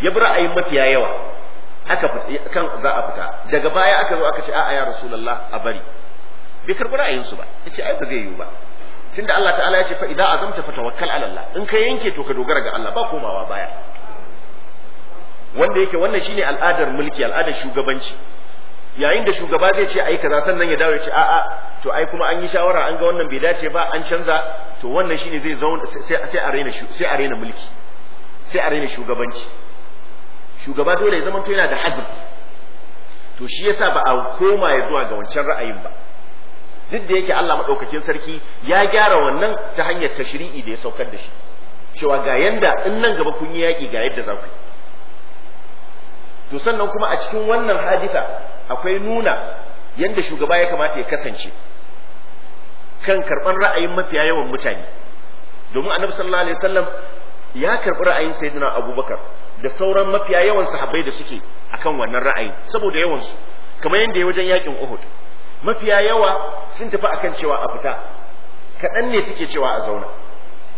ya bi ra'ayin mafiya yawa aka kan za a fita daga baya aka zo aka ce a'a ya rasulullah a bari bai karbi ra'ayin su ba ce ai ba zai yiwu ba tunda Allah ta'ala ya ce fa idza azamta fatawakkal ala Allah in ka yanke to ka dogara ga Allah ba komawa baya wanda yake wannan shine al'adar mulki al'adar shugabanci yayin da shugaba zai ce ai kaza sannan ya dawo ya ce a'a to ai kuma an yi shawara an ga wannan bai dace ba an canza to wannan shine zai zauna sai a raina sai a raina mulki sai a raina shugabanci shugaba dole ya zama to yana da hazin to shi yasa ba a koma ya zuwa ga wancan ra'ayin ba duk da yake Allah madaukakin sarki ya gyara wannan ta hanyar tashri'i da ya saukar da shi cewa ga yanda in nan gaba kun yi yaki ga yadda za ku yi to sannan kuma a cikin wannan hadisa akwai nuna yadda shugaba ya kamata ya kasance kan karɓar ra'ayin mafiya yawan mutane domin annabi sallallahu alaihi wasallam ya karɓi ra'ayin sayyidina abubakar da sauran mafiya yawan sahabbai da suke akan wannan ra'ayin saboda yawansu kamar yadda ya wajen yakin uhud mafiya yawa sun tafi akan cewa a fita kaɗan ne suke cewa a zauna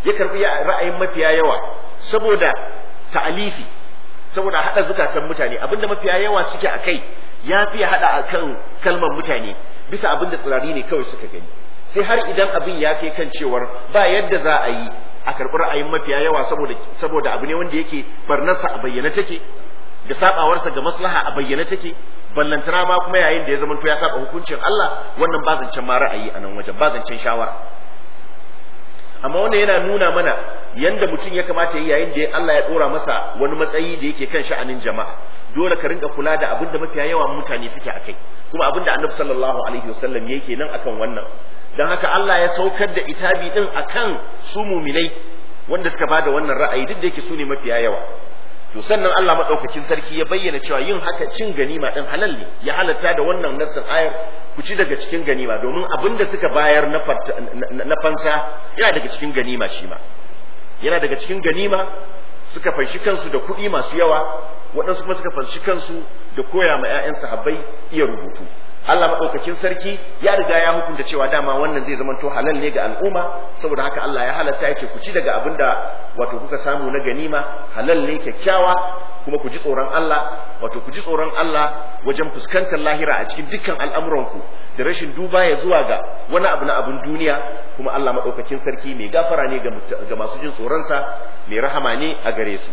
ya karɓi ra'ayin mafiya yawa saboda ta'alifi saboda haɗa zukatan mutane abinda mafiya yawa suke a kai ya fiye haɗa a kan kalmar mutane bisa abin da tsirari ne kawai suka gani sai har idan abin ya kai kan cewar ba yadda za a yi a karɓi ra'ayin mafiya yawa saboda abu ne wanda yake barnarsa a bayyana take da sabawarsa ga maslaha a bayyana take ballantana ma kuma yayin da ya zama ya saba hukuncin Allah wannan ba zancen ma ra'ayi a nan wajen ba zancen shawara amma wannan yana nuna mana yanda mutum ya kamata yayin da Allah ya dora masa wani matsayi da yake kan sha'anin jama'a dole ka rinka kula da abin da mafiya yawan mutane suke akai kuma abin da annabi sallallahu alaihi wasallam yake nan akan wannan dan haka Allah ya saukar da itabi din akan su muminai wanda suka bada wannan ra'ayi duk da yake su ne mafiya yawa to sannan Allah madaukakin sarki ya bayyana cewa yin haka cin ganima din halal ne ya halatta da wannan nassin ayar ku ci daga cikin ganima domin abin da suka bayar na fansa yana daga cikin ganima shi ma yana daga cikin ganima suka fanshi kansu da kuɗi masu yawa waɗansu kuma suka fanshi kansu da koya ma 'ya'yan sahabbai iya rubutu Allah maɗaukakin sarki ya riga ya hukunta cewa dama wannan zai zama to halal ne ga al'umma saboda haka Allah ya halatta yake ku ci daga abin da wato kuka samu na ganima halal ne kyakkyawa kuma ku ji tsoron Allah wato ku ji tsoron Allah wajen fuskantar lahira a cikin dukkan al'amuranku da rashin duba ya zuwa ga wani abu na abin duniya kuma Allah maɗaukakin sarki mai gafara ne ga masu jin tsoron sa mai rahama ne a gare su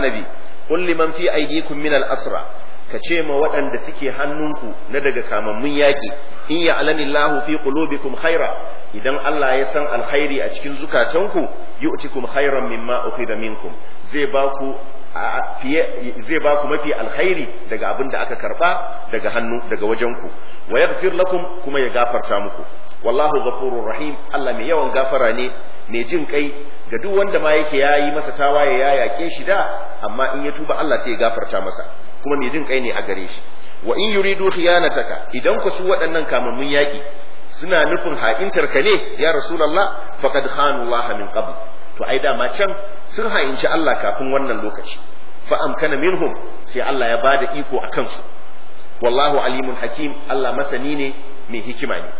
annabi qul liman fi aydikum min al-asra ka ce ma waɗanda suke hannunku na daga kamammun yaƙi in ya alanillahu fi qulubikum khaira idan Allah ya san alkhairi a cikin zukatanku yu'tikum khairan mimma ukhida minkum zai ba ku zai ba ku mafi alkhairi daga abin da aka karba daga hannu daga wajenku wa yaghfir lakum kuma ya gafarta muku wallahu ghafurur rahim Allah mai yawan gafara ne mai jin kai ga duk wanda ma yake yayi masa tawaye ya yaƙe shi da amma in ya tuba Allah sai ya gafarta masa kuma mai jin kai ne a gare shi wa in yuridu khiyanataka idan ku su waɗannan kamammun yaki, suna nufin ha'intar ka ne ya rasulullah faqad khanu Allah min qabl to ai ma can sun ha'inci Allah kafin wannan lokaci fa amkana minhum sai Allah ya bada iko akan su wallahu alimun hakim Allah masani ne mai hikima ne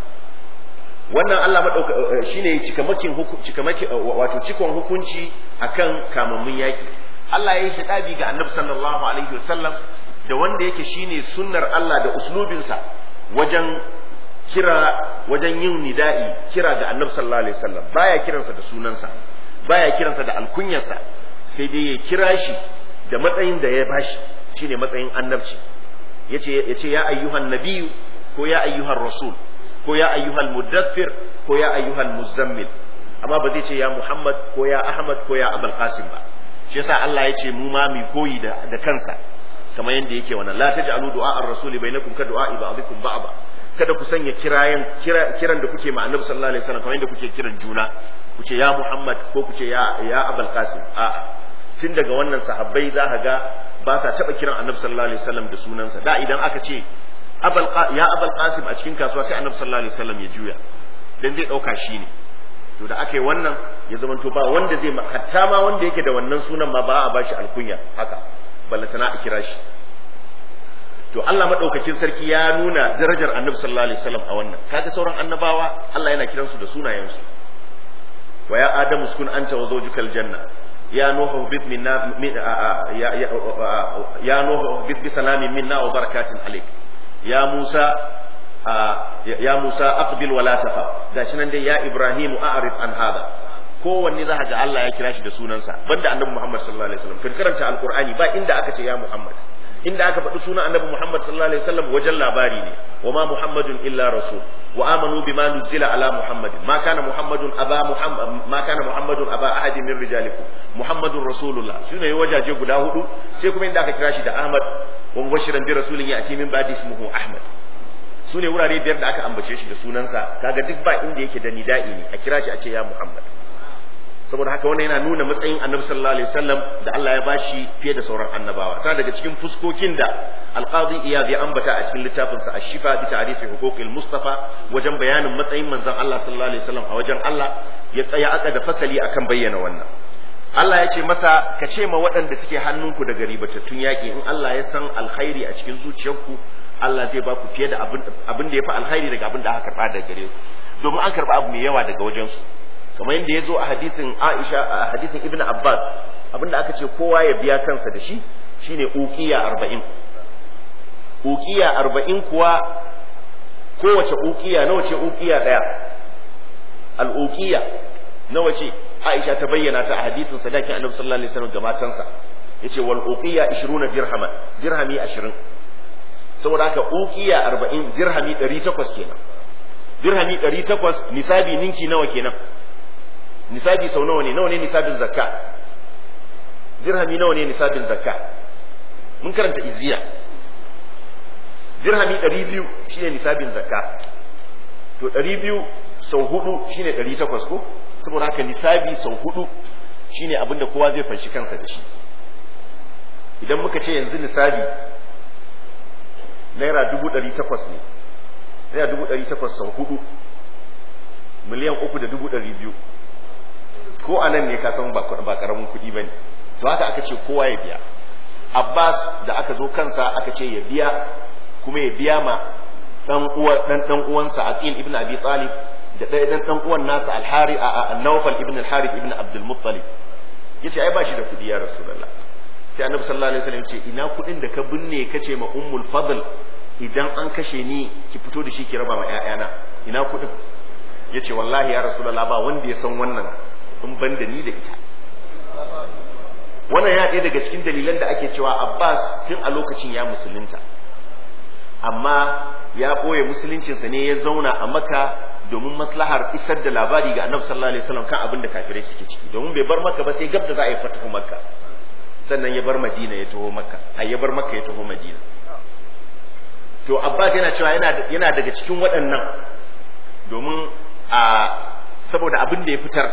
wannan Allah madauka eh, shine cikamakin hukunci eh, wato cikon hukunci akan kamammun yaki. Allah ya yi hidabi ga annabi sallallahu alaihi wasallam da wanda yake shine sunnar Allah da uslubinsa wajen kira wajen yin nida'i kira ga annabi sallallahu alaihi wasallam baya kiransa da sunansa baya kiransa da alkunyarsa sai dai ya kira shi da matsayin da ya bashi shine matsayin annabci yace yace ya ayyuhan nabiyyu ko ya ayyuhan rasul ko ya ayyuhal muddathir ko ya ayyuhal muzammil amma ba zai ce ya muhammad ko ya ahmad ko ya abul qasim ba shi yasa Allah ya ce mu ma mu koyi da da kansa kamar yadda yake wannan la taj'alu du'a ar-rasuli bainakum ka du'a ba'dikum ba'da kada ku sanya kirayen kiran da kuke ma annabi sallallahu alaihi wasallam kamar yadda kuke kiran juna ku ce ya Muhammad ko ku ce ya ya Abul Qasim a'a tun daga wannan sahabbai za ka ga ba sa taɓa kiran annabi sallallahu alaihi wasallam da sunansa da idan aka ce ya abul qasim a cikin kasuwa sai annabi sallallahu alaihi wasallam ya juya dan zai ɗauka shi ne to da aka yi wannan ya zamanto ba wanda zai ma hatta ma wanda yake da wannan sunan ma ba a bashi alkunya haka ballatana a kira shi to Allah madaukakin sarki ya nuna darajar annabi sallallahu alaihi wasallam a wannan kaga sauran annabawa Allah yana kiransu da sunayensu wa ya adamu sukun anta wa zawjukal janna ya nuhu bid minna ya bi salamin minna wa barakatin alayk ya musa ya Musa aqbil wala tafa gashi nan dai ya Ibrahimu a'rif an hada kowanne za ga Allah ya kira shi da sunansa banda annabi Muhammad sallallahu alaihi wasallam kin karanta alqur'ani ba inda aka ce ya Muhammad inda aka faɗi sunan annabi Muhammad sallallahu alaihi wasallam wajen labari ne wa ma Muhammadun illa rasul wa amanu bima nuzila ala Muhammad ma kana Muhammadun aba Muhammad ma kana Muhammadun aba ahadin min rijalikum Muhammadun rasulullah shine wajaje guda hudu sai kuma inda aka kira shi da Ahmad wa mubashiran bi rasulin ce min ba'di ismihi Ahmad su ne wurare biyar da aka ambace shi da sunansa kaga duk ba inda yake da nida'i ne a kira shi a ce ya muhammad saboda haka wannan yana nuna matsayin annabi sallallahu alaihi wasallam da Allah ya bashi fiye da sauran annabawa ta daga cikin fuskokin da alqadi iyad ya ambata a cikin littafin sa ash-shifa bi ta'rifi huquqil mustafa wajen bayanin matsayin manzon Allah sallallahu alaihi wasallam a wajen Allah ya tsaya aka da fasali akan bayyana wannan Allah ya ce masa ka ce ma waɗanda suke hannunku daga ribatattun yaƙi in Allah ya san alkhairi a cikin zuciyarku Allah zai ba ku fiye da abin da ya fi alkhairi daga abin da aka karɓa daga gare ku domin an karɓa abu mai yawa daga wajensu kamar yadda ya zo a hadisin Aisha a hadisin Ibn Abbas abin da aka ce kowa ya biya kansa da shi shine uqiya 40 uqiya 40 kuwa kowace uqiya nawa ce uqiya daya al uqiya nawa ce Aisha ta bayyana ta a hadisin sadakin Annabi sallallahu alaihi wasallam ga matansa yace wal uqiya 20 dirhama dirhami 20 saboda haka ukiya arba'in dirhami 800 takwas kenan dirhami 800 takwas nisabi ninki nawa kenan nisabi sau nawa ne nawa ne nisabin zakka dirhami nawa ne nisabin zakka mun karanta iziya dirhami 200 biyu shine nisabin zakka to 200 biyu sau hudu shine 800 takwas ko saboda haka nisabi sau hudu shine abinda kowa zai fanshi kansa da shi idan muka ce yanzu nisabi naira dubu ɗari takwas ne naira dubu ɗari takwas sau hudu miliyan uku da dubu ɗari biyu ko a nan ne ka san ba karamin kuɗi ba ne to haka aka ce kowa ya biya abbas da aka zo kansa aka ce ya biya kuma ya biya ma dan uwa dan dan uwansa ibn abi talib da ɗaya dan dan uwan nasa al-hari a nawfal ibn al-harith ibn abdul muttalib yace ai ba shi da kuɗi ya rasulullah sai annabi sallallahu alaihi wasallam ce ina kuɗin da ka binne ka ce ma ummul fadl idan an kashe ni ki fito da shi ki raba ma ƴaƴana ina kuɗin ya wallahi ya rasulullah ba wanda ya san wannan in ban da ni da ita wannan ya ɗaya daga cikin dalilan da ake cewa abbas tun a lokacin ya musulunta amma ya ɓoye musuluncinsa ne ya zauna a maka domin maslahar isar da labari ga annabi sallallahu alaihi wasallam kan abin da kafirai suke ciki domin bai bar maka ba sai gab da za a yi fatahu makka sannan ya bar madina ya taho makka a ya bar makka ya taho madina to abbas yana cewa yana daga cikin waɗannan domin a saboda abin da ya fitar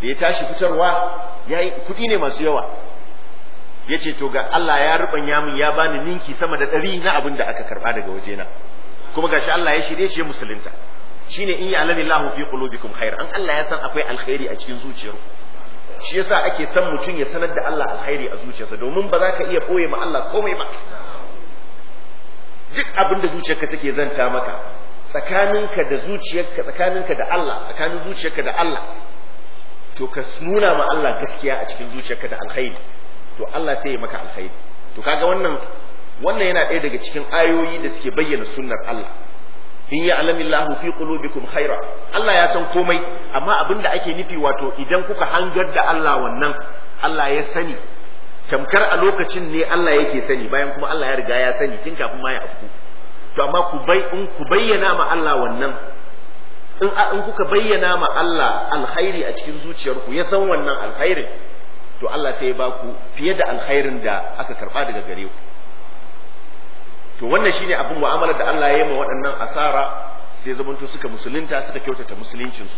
da ya tashi fitarwa ya yi kuɗi ne masu yawa ya ce to ga Allah ya ruɓanya min ya bani ninki sama da ɗari na abin da aka karɓa daga wajena kuma gashi Allah ya shirye shi musulunta shine in ya alani lahu fi qulubikum khair an Allah ya san akwai alkhairi a cikin zuciyarku shi yasa ake san mutum ya sanar da Allah alkhairi a zuciyarsa domin ba za ka iya koye ma Allah komai ba duk abin da zuciyarka take zanta maka tsakaninka da zuciyarka tsakaninka da Allah tsakanin zuciyarka da Allah to ka nuna ma Allah gaskiya a cikin zuciyarka da alkhairi to Allah sai ya maka alkhairi to kaga wannan wannan yana ɗaya daga cikin ayoyi da suke bayyana sunnar Allah in ya alamillahu fi qulubikum khaira Allah ya san komai amma abin da ake nufi wato idan kuka hangar da Allah wannan Allah ya sani tamkar a lokacin ne Allah yake sani bayan kuma Allah ya riga ya sani kin kafin ma ya afku to amma ku bai in ku bayyana ma Allah wannan in in kuka bayyana ma Allah alkhairi a cikin zuciyarku ya san wannan alkhairin to Allah sai ya baku fiye da alkhairin da aka karba daga gare ku to wannan shine abin mu'amalar da Allah ya yi ma waɗannan asara sai zamanto suka musulunta suka kyautata musuluncinsu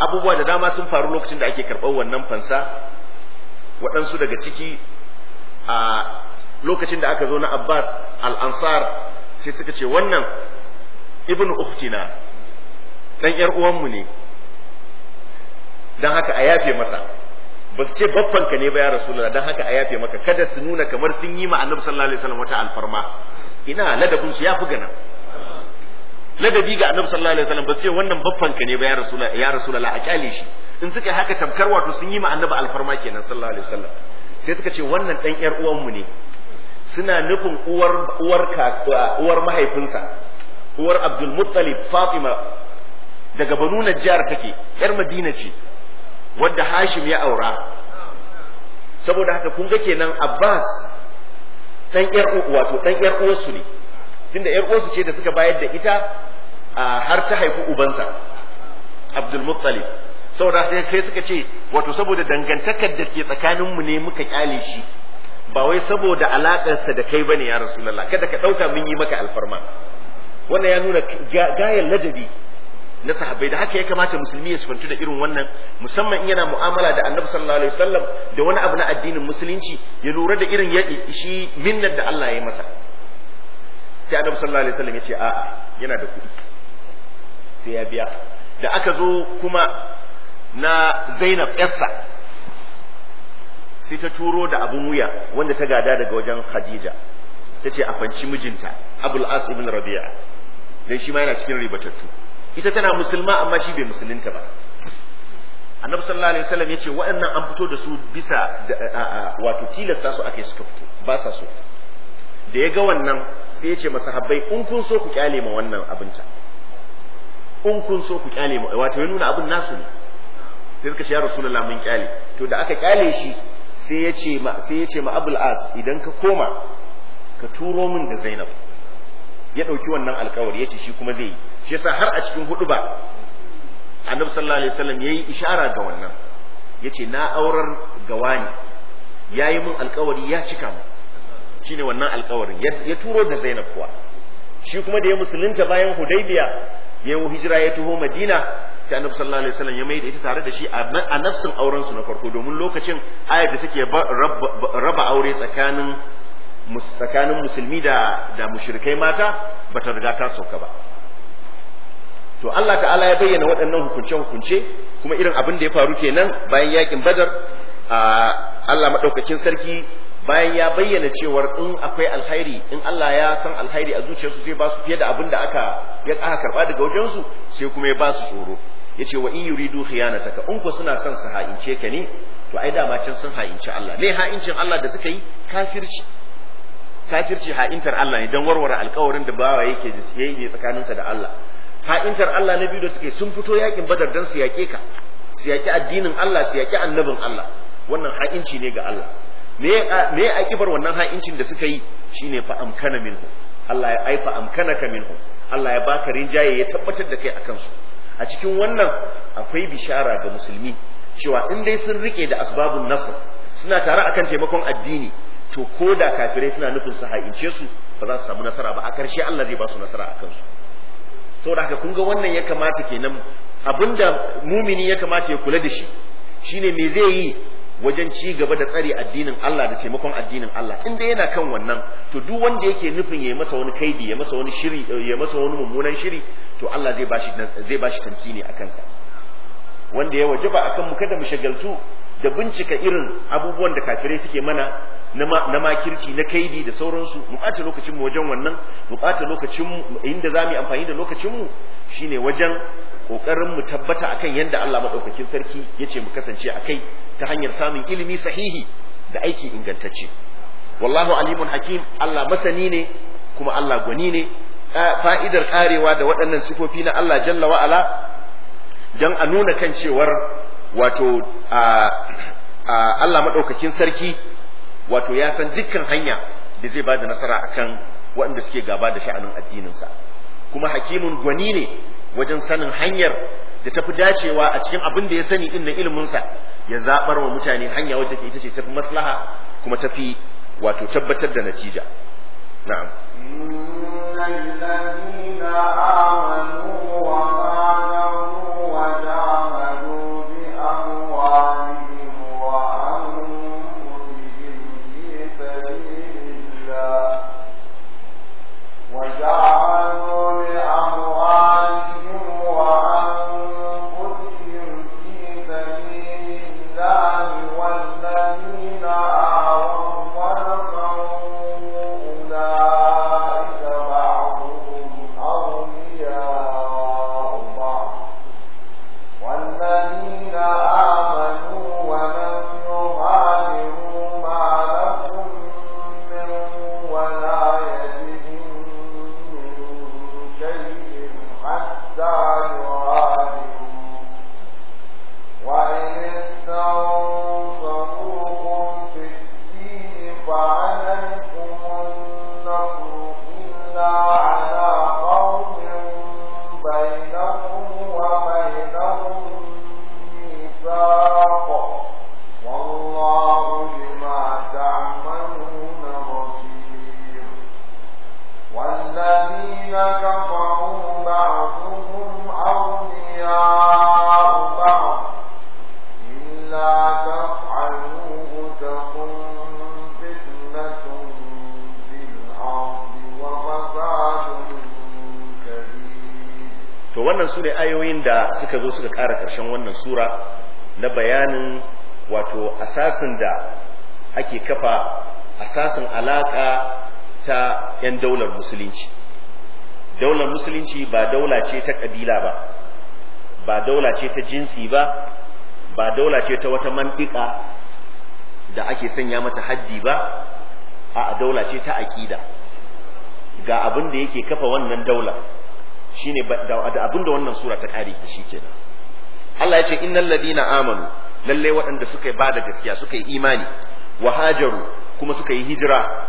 abubuwa da dama sun faru lokacin da ake karɓar wannan fansa waɗansu daga ciki a lokacin da aka zo na Abbas al-Ansar sai suka ce wannan ibn uftina ɗan ‘yar uwanmu ne don haka a yafe masa ba su ce ka ne ba ya rasulullah don haka a yafe maka kada su nuna kamar sun yi ma annabi sallallahu alaihi wasallam wata alfarma ina ladabin su yafi gana ladabi ga annabi sallallahu alaihi wasallam ba sai wannan baffan ka ne ba ya rasula ya rasulullah a kyale shi in suka haka tamkar wato sun yi ma annabi alfarma kenan sallallahu alaihi wasallam sai suka ce wannan dan yar uwan mu ne suna nufin uwar uwar uwar mahaifinsa uwar Abdul Muttalib Fatima daga Banu Najjar take yar Madina ce wadda Hashim ya aura saboda haka kun ga kenan Abbas dan yar wato dan yar uwarsu ne tunda yar uwarsu ce da suka bayar da ita har ta haifi ubansa Abdul Muttalib saboda sai suka ce wato saboda dangantakar da ke tsakanin mu ne muka kyale shi ba wai saboda alakarsa da kai bane ya Rasulullah kada ka dauka mun yi maka alfarma wannan ya nuna gayan ladabi na sahabbai da haka ya kamata musulmi ya sifantu da irin wannan musamman in yana mu'amala da annabi sallallahu alaihi wasallam da wani abu na addinin musulunci ya lura da irin ya shi minnar da Allah ya yi masa sai annabi sallallahu alaihi wasallam ya ce a'a yana da kuɗi sai ya biya da aka zo kuma na Zainab yarsa sai ta turo da abun wuya wanda ta gada daga wajen Khadija ta ce a fanci mijinta Abul As ibn Rabi'a dan shi ma yana cikin ribatattu ita tana musulma amma shi bai musulunta ba annabi sallallahu alaihi wasallam yace waɗannan an fito da su bisa wato tilasta su ake suka fito ba sa so da ya ga wannan sai ya ce masahabbai in kun so ku kyale ma wannan abinta in kun so ku kyale ma wato ya nuna abin nasu ne sai suka ce ya rasulullahi mun kyale to da aka kyale shi sai ya ce ma sai ya ce ma abul as idan ka koma ka turo min da zainab ya dauki wannan alkawari yace shi kuma zai yi shi yasa har a cikin hudu ba annabi sallallahu alaihi wasallam yayi ishara ga wannan yace na aurar ga wani yayi mun alkawari ya cika mu shine wannan alkawarin ya turo da Zainab kuwa shi kuma da ya musulunta bayan Hudaybiya ya yi hijira ya tuho Madina sai Annabi sallallahu alaihi wasallam ya maida ita tare da shi a nafsin auren su na farko domin lokacin ayat da take raba aure tsakanin tsakanin musulmi da da mushrikai mata bata riga ta sauka ba to Allah ta'ala ya bayyana waɗannan hukunce-hukunce kuma irin abin da ya faru kenan bayan yakin badar Allah maɗaukakin sarki bayan ya bayyana cewar in akwai alkhairi in Allah ya san alkhairi a zuciyarsu sai ba su fiye da abin da aka ya aka karba daga wajensu sai kuma ya ba su tsoro ya ce wa in yuridu khiyanataka in ku suna son su ha'ince ka ne to ai dama can sun ha'inci Allah ne ha'incin Allah da suka yi kafirci kafirci ha'intar Allah ne dan warware alkawarin da bawa yake yi tsakaninsa da Allah ha'intar Allah na biyu da suke sun fito yakin badar dan su yaƙe ka su yaƙe addinin Allah su yaƙe annabin Allah wannan ha'inci ne ga Allah me me akibar wannan ha'incin da suka yi shine fa amkana minhu Allah ya aifa amkana ka minhu Allah ya baka rinjaye ya tabbatar da kai akan su a cikin wannan akwai bishara ga musulmi cewa in dai sun rike da asbabun nasr suna tare akan taimakon addini to ko da kafirai suna nufin su ha'ince su ba za su samu nasara ba a ƙarshe Allah zai ba su nasara a kansu. saboda haka kun ga wannan ya kamata kenan abinda mumini ya kamata ya kula da shi shine me zai yi wajen ci gaba da tsare addinin Allah da taimakon addinin Allah in dai yana kan wannan to duk wanda yake nufin ya masa wani kaidi ya masa wani shiri ya masa wani mummunan shiri to Allah zai bashi zai bashi tamkini akan sa wanda ya wajaba akan mu kada mu shagaltu da bincika irin abubuwan da kafirai suke mana na makirci na kaidi da sauransu mu ɓata lokacin mu wajen wannan mu ɓata lokacin inda za mu amfani da lokacinmu shine wajen kokarin mu tabbata akan yadda Allah madaukakin sarki yace mu kasance akai ta hanyar samun ilimi sahihi da aiki ingantacce wallahu alimun hakim Allah masani ne kuma Allah gwani ne fa'idar karewa da waɗannan sifofi na Allah jalla wa ala dan a nuna kan cewar wato Allah madaukakin sarki wato ya san dukkan hanya da zai ba da nasara akan waɗanda suke gaba da sha'anin addininsa kuma hakimin gwani ne wajen sanin hanyar da tafi dacewa a cikin abin da ya sani din na iliminsa ya zaɓar wa mutane hanya wadda ita ce tafi maslaha kuma tafi wato tabbatar da natija na'am wannan su ne ayoyin da suka zo suka ƙara ƙarshen wannan sura na bayanin wato asasin da ake kafa asasin alaƙa ta 'yan daular musulunci daular musulunci ba daula ce ta ƙabila ba ba daula ce ta jinsi ba ba daula ce ta wata mantika da ake sanya mata haddi ba a daula ce ta aƙida ga abin da yake kafa wannan daular shine da abinda wannan sura ta kare ta shikenan Allah ya ce innal ladina amanu lalle waɗanda suka ba da gaskiya suka yi imani wa hajaru kuma suka yi hijira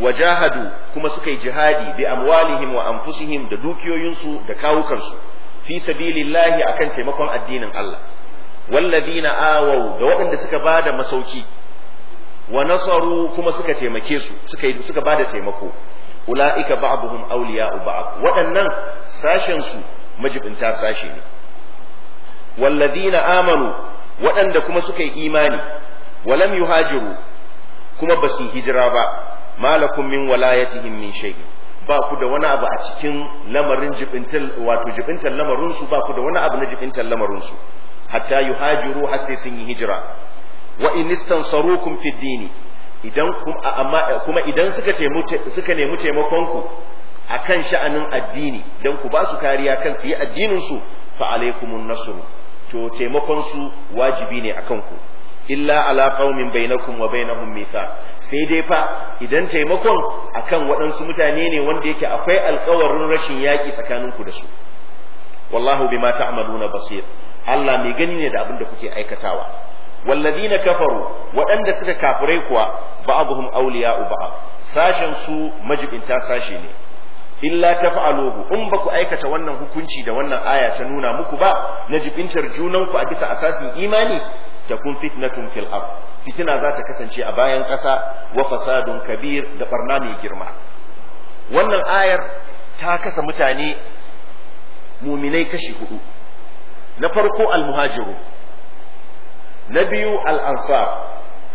wa jahadu kuma suka yi jihadi bi amwalihim wa anfusihim da dukiyoyinsu da kawukansu fi sabilillahi akan taimakon addinin Allah walladina awau da waɗanda suka ba da masauki wa nasaru kuma suka taimake su suka suka ba da taimako ula'ika ba'dhum awliya'u ba'd waɗannan sashen su majibinta sashe ne walladina amanu waɗanda kuma suka yi imani walam yuhajiru kuma ba su hijira ba malakum min walayatihim min shay'in ba ku da wani abu a cikin lamarin jibintal wato jibintal lamarin su ba ku da wani abu na jibintal lamarin su hatta yuhajiru har sun yi hijira wa in istansarukum fid dini idan amma eh, kuma idan suka ce suka nemi taimakon ku akan sha'anin addini dan ku ba su kariya kan su yi addinin su fa alaikumun nasru to taimakon su wajibi ne akan ku illa ala qaumin bainakum wa bainahum mitha sai dai fa idan taimakon akan waɗansu mutane ne wanda yake akwai alƙawarin rashin yaƙi ku da su wallahu bima ta'maluna basir Allah mai gani ne da abin da kuke aikatawa na kafaru waɗanda suka kafirai kuwa ba'dhum awliya'u ba'd sashen su majibinta sashe ne illa taf'aluhu in baku aikata wannan hukunci da wannan aya ta nuna muku ba na jibintar junanku a bisa sasin imani takun fitnatun fil ard fitina za ta kasance a bayan ƙasa wa fasadun kabir da barna mai girma wannan ayar ta kasa mutane muminai kashi hudu na farko almuhajiru na biyu al'ansar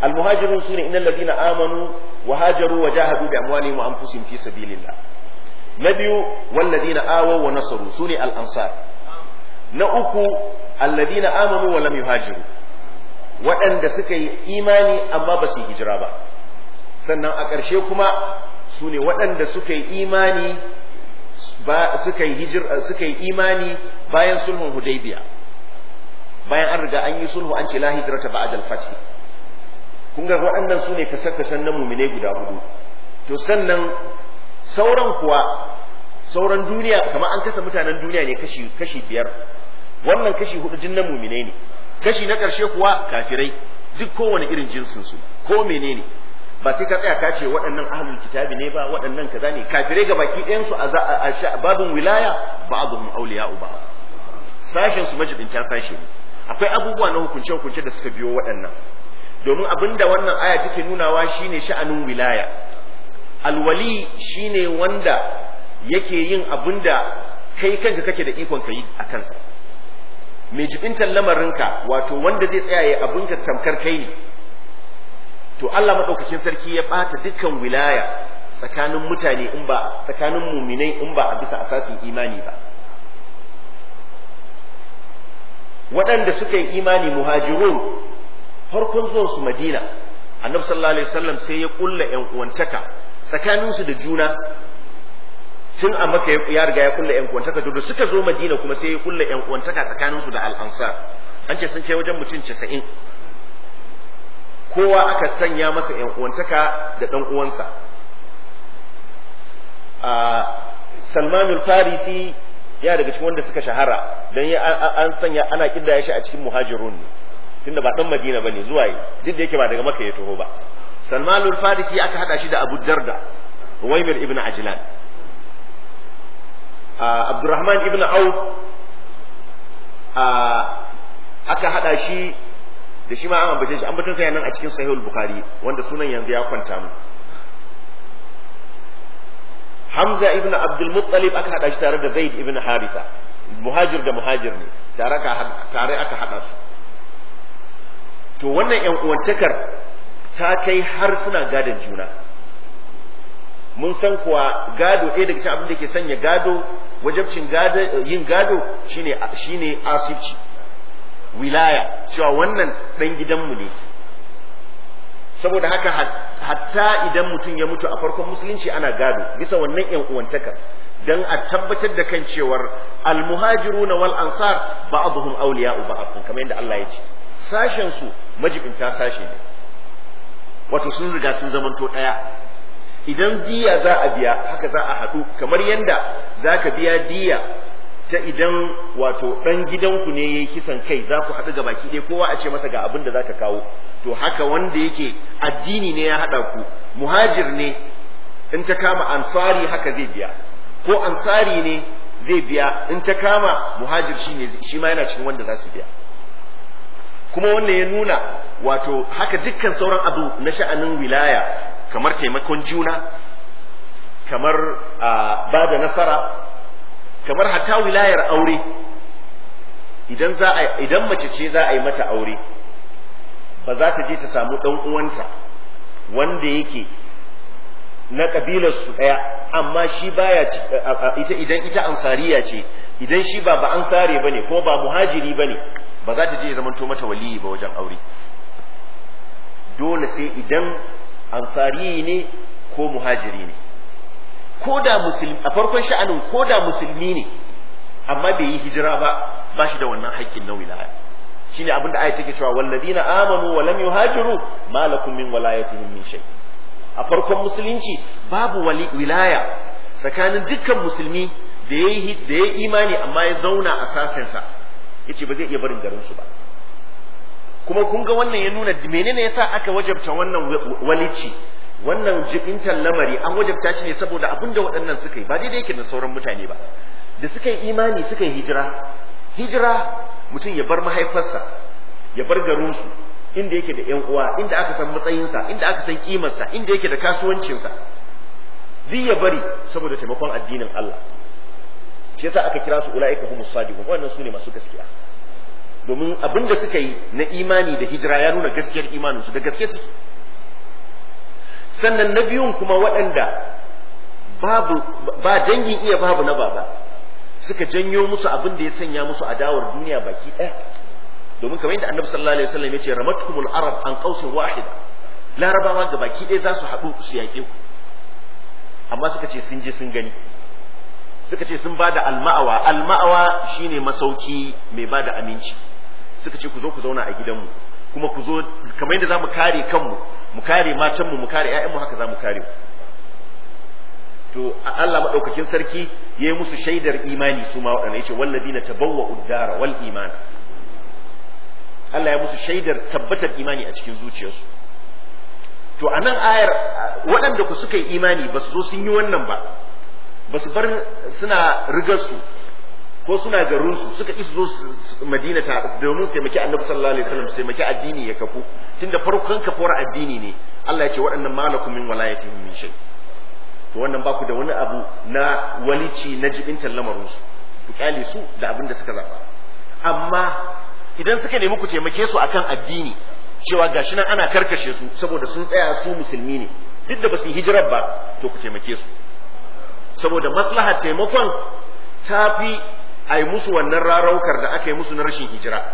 al-muhajirun sune innal ladina amanu wa hajaru wa jahadu bi amwalihim wa anfusihim fi sabilillah na biyu wal ladina wa nasaru su ne al'ansar. na uku alladina amanu wa lam yuhajiru waɗanda suka yi imani amma ba su hijira ba sannan a ƙarshe kuma su ne waɗanda suka yi imani suka yi imani bayan sulhun hudaybiya bayan an riga an yi sulhu an ce la hijrata ba'da al-fath kun ga waɗannan sune kasakasan na mumine guda hudu to sannan sauran kuwa sauran duniya kamar an kasa mutanen duniya ne kashi kashi biyar wannan kashi hudu din na mumine ne kashi na ƙarshe kuwa kafirai duk kowane irin jinsin su ko menene ba sai ka tsaya ka ce waɗannan ahlul kitabi ne ba waɗannan kaza ne kafirai ga baki ɗayan su a babin wilaya ba'dhum awliya'u ba sashen su majibin ta sashe ne akwai abubuwa na hukunce-hukunce da suka biyo waɗannan domin abinda wannan aya take nunawa shine sha'anin wilaya alwali shine wanda yake yin abin kai kanka kake da ikon ka yi a kansa mai jibintar lamarinka wato wanda zai tsaya ya abinka tamkar kai ne to Allah maɗaukakin sarki ya ɓata dukkan wilaya tsakanin mutane in ba tsakanin muminai in ba a bisa asasin imani ba waɗanda suka yi imani muhajirun farkon zuwan su madina annabi sallallahu alaihi wasallam sai ya kulla yan uwantaka tsakaninsu da juna tun a maka ya riga ya kulla yan uwantaka to suka zo madina kuma sai ya kulla yan uwantaka tsakaninsu da al'ansar an ce sun kai wajen mutum 90 kowa aka sanya masa yan uwantaka da dan uwansa a ah, Salmanul Farisi ya daga cikin wanda suka shahara dan an sanya ana kidda shi a cikin muhajirun ne tunda ba dan Madina bane zuwa yi duk da yake ba daga Makka ya taho ba Salmanul fadisi aka hada shi da Abu Darda Uwaymir ibn Ajlan Abdurrahman ibn Auf aka hada shi da shi ma an ambace shi an batun sai nan a cikin Sahihul Bukhari wanda sunan yanzu ya kwanta mu hamza ibn abdul muttalib aka hada shi tare da zaid ibn haritha muhajir da muhajir ne tare tare aka hada su to wannan yan uwantakar ta kai har suna gadon juna mun san kuwa gado ɗaya daga cikin abin da ke sanya gado wajabcin gado yin gado shine shine asibci wilaya cewa wannan dan gidanmu ne saboda haka hatta idan mutum ya mutu a farkon musulunci ana gado bisa wannan yan uwantakar dan a tabbatar da kan cewar almuhajiruna wal ansar ba'dhum awliya'u ba'd kamar yadda Allah ya ce sashen su majibinta sashe ne wato sun riga sun to daya idan diya za a biya haka za a haɗu kamar yadda zaka biya diya ta idan wato ɗan gidanku ne yayi kisan kai za ku haɗu ga baki ɗaya kowa a ce masa ga abin da za ka kawo to haka wanda yake addini ne ya haɗa ku muhajir ne in ta kama ansari haka zai biya ko ansari ne zai biya in ta kama muhajir shi ne shi ma yana cikin wanda za su biya kuma wannan ya nuna wato haka dukkan sauran abu na sha'anin wilaya kamar taimakon juna kamar ah, ba da nasara kamar hatta wilayar aure idan za a idan mace ce za a yi mata aure ba za ta je ta samu dan uwanta wanda yake na kabilar su daya amma shi baya ita idan ita ansariya ce idan shi ba ba ansare bane ko ba muhajiri bane ba za ta je zamanto mata waliyi ba wajen aure dole sai idan ansari ne ko muhajiri ne ko da musulmi a farkon sha'anin ko da musulmi ne amma bai yi hijira ba ba shi da wannan haƙƙin na wilaya shine abinda ayat take cewa walladina amanu wa lam yuhajiru ma min walayatihim min shay a farkon musulunci babu wilaya tsakanin dukkan musulmi da yayi da imani amma ya zauna a sasensa ce ba zai iya barin garin su ba kuma kun ga wannan ya nuna menene yasa aka wajabta wannan walici wannan jibintan lamari an wajabta shi ne saboda abin da waɗannan suka yi ba daidai yake da sauran mutane ba da suka yi imani suka yi hijira hijira mutum ya bar mahaifarsa ya bar garinsu inda yake da yan uwa inda aka san matsayinsa inda aka san kimarsa inda yake da kasuwancinsa duk ya bari saboda taimakon addinin Allah shi yasa aka kira su ulaiika humus sadiqun wannan sune masu gaskiya domin abin da suka yi na imani da hijira ya nuna gaskiyar imaninsu da gaske su. sannan na biyun kuma waɗanda babu ba dangin iya babu na baba suka janyo musu abin da ya sanya musu adawar duniya baki ɗaya domin kamar yadda annabi sallallahu alaihi wasallam ya ce ramatkumul arab an qausin wahida larabawa ga baki ɗaya za su haɗu su yake ku amma suka ce sun je sun gani suka ce sun bada alma'awa alma'awa shine masauki mai bada aminci suka ce ku zo ku zauna a gidanmu kuma ku zo kamar yadda za mu kare kanmu mu kare matanmu mu kare 'ya'yanmu haka za mu kare ku to Allah maɗaukakin sarki yi musu shaidar imani su ma waɗanda wallabi na tabawwa uddara wal iman Allah ya musu shaidar tabbatar imani a cikin zuciyarsu to a nan ayar waɗanda ku suka yi imani ba su zo sun yi wannan ba ba su bar suna rigarsu ko suna garinsu suka ƙi su zo madina ta domin su taimaki annabi sallallahu alaihi wasallam su taimaki addini ya kafu tunda farkon kafuwar addini ne Allah ya ce waɗannan malakum min walayatihim min shay to wannan ba ku da wani abu na walici na jibin jibintan su ku kyale su da abin da suka zaba amma idan suka nemi ku taimake su akan addini cewa gashi nan ana karkashe su saboda sun tsaya su musulmi ne duk da ba su hijirar ba to ku taimake su saboda maslahar taimakon ta fi yi musu wannan raraukar da aka yi musu na rashin hijira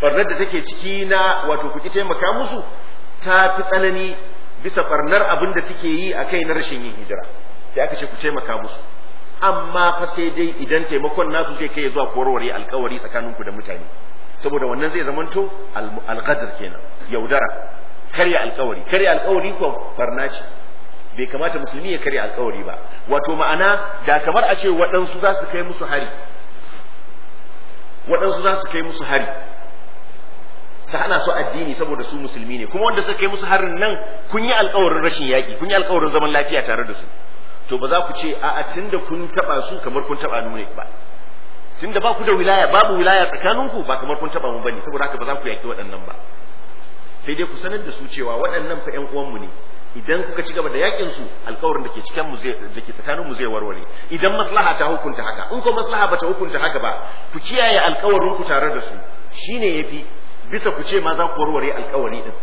barnar da take ciki na wato ku taimaka musu ta fi tsanani bisa barnar abin da suke yi a kai na rashin yin hijira sai aka ce ku taimaka musu amma fa sai dai idan taimakon nasu zai kai zuwa korowar alkawari tsakaninku da mutane saboda wannan zai zamanto alghazar kenan yaudara karya alkawari karya alkawari ko barna ce bai kamata musulmi ya karya alkawari ba wato ma'ana da kamar a ce waɗansu za su kai musu hari waɗansu za su kai musu hari su hana su addini saboda su musulmi ne kuma wanda suka kai musu harin nan kun yi alkawarin rashin yaƙi kun yi alkawarin zaman lafiya tare da su to ba za ku ce a tunda kun taɓa su kamar kun taɓa nune ba tunda ba ku da wilaya babu wilaya tsakaninku ba kamar kun taɓa mu bane saboda haka ba za ku yaƙi waɗannan ba sai dai ku sanar da su cewa waɗannan fa ƴan uwanmu ne idan kuka ci gaba da yakin su alkawarin da ke cikin mu zai da ke tsakanin mu zai warware idan maslaha ta hukunta haka in ko maslaha bata hukunta haka ba ku kiyaye alkawarin ku tare da su shine yafi bisa ku ce ma za ku warware alkawari din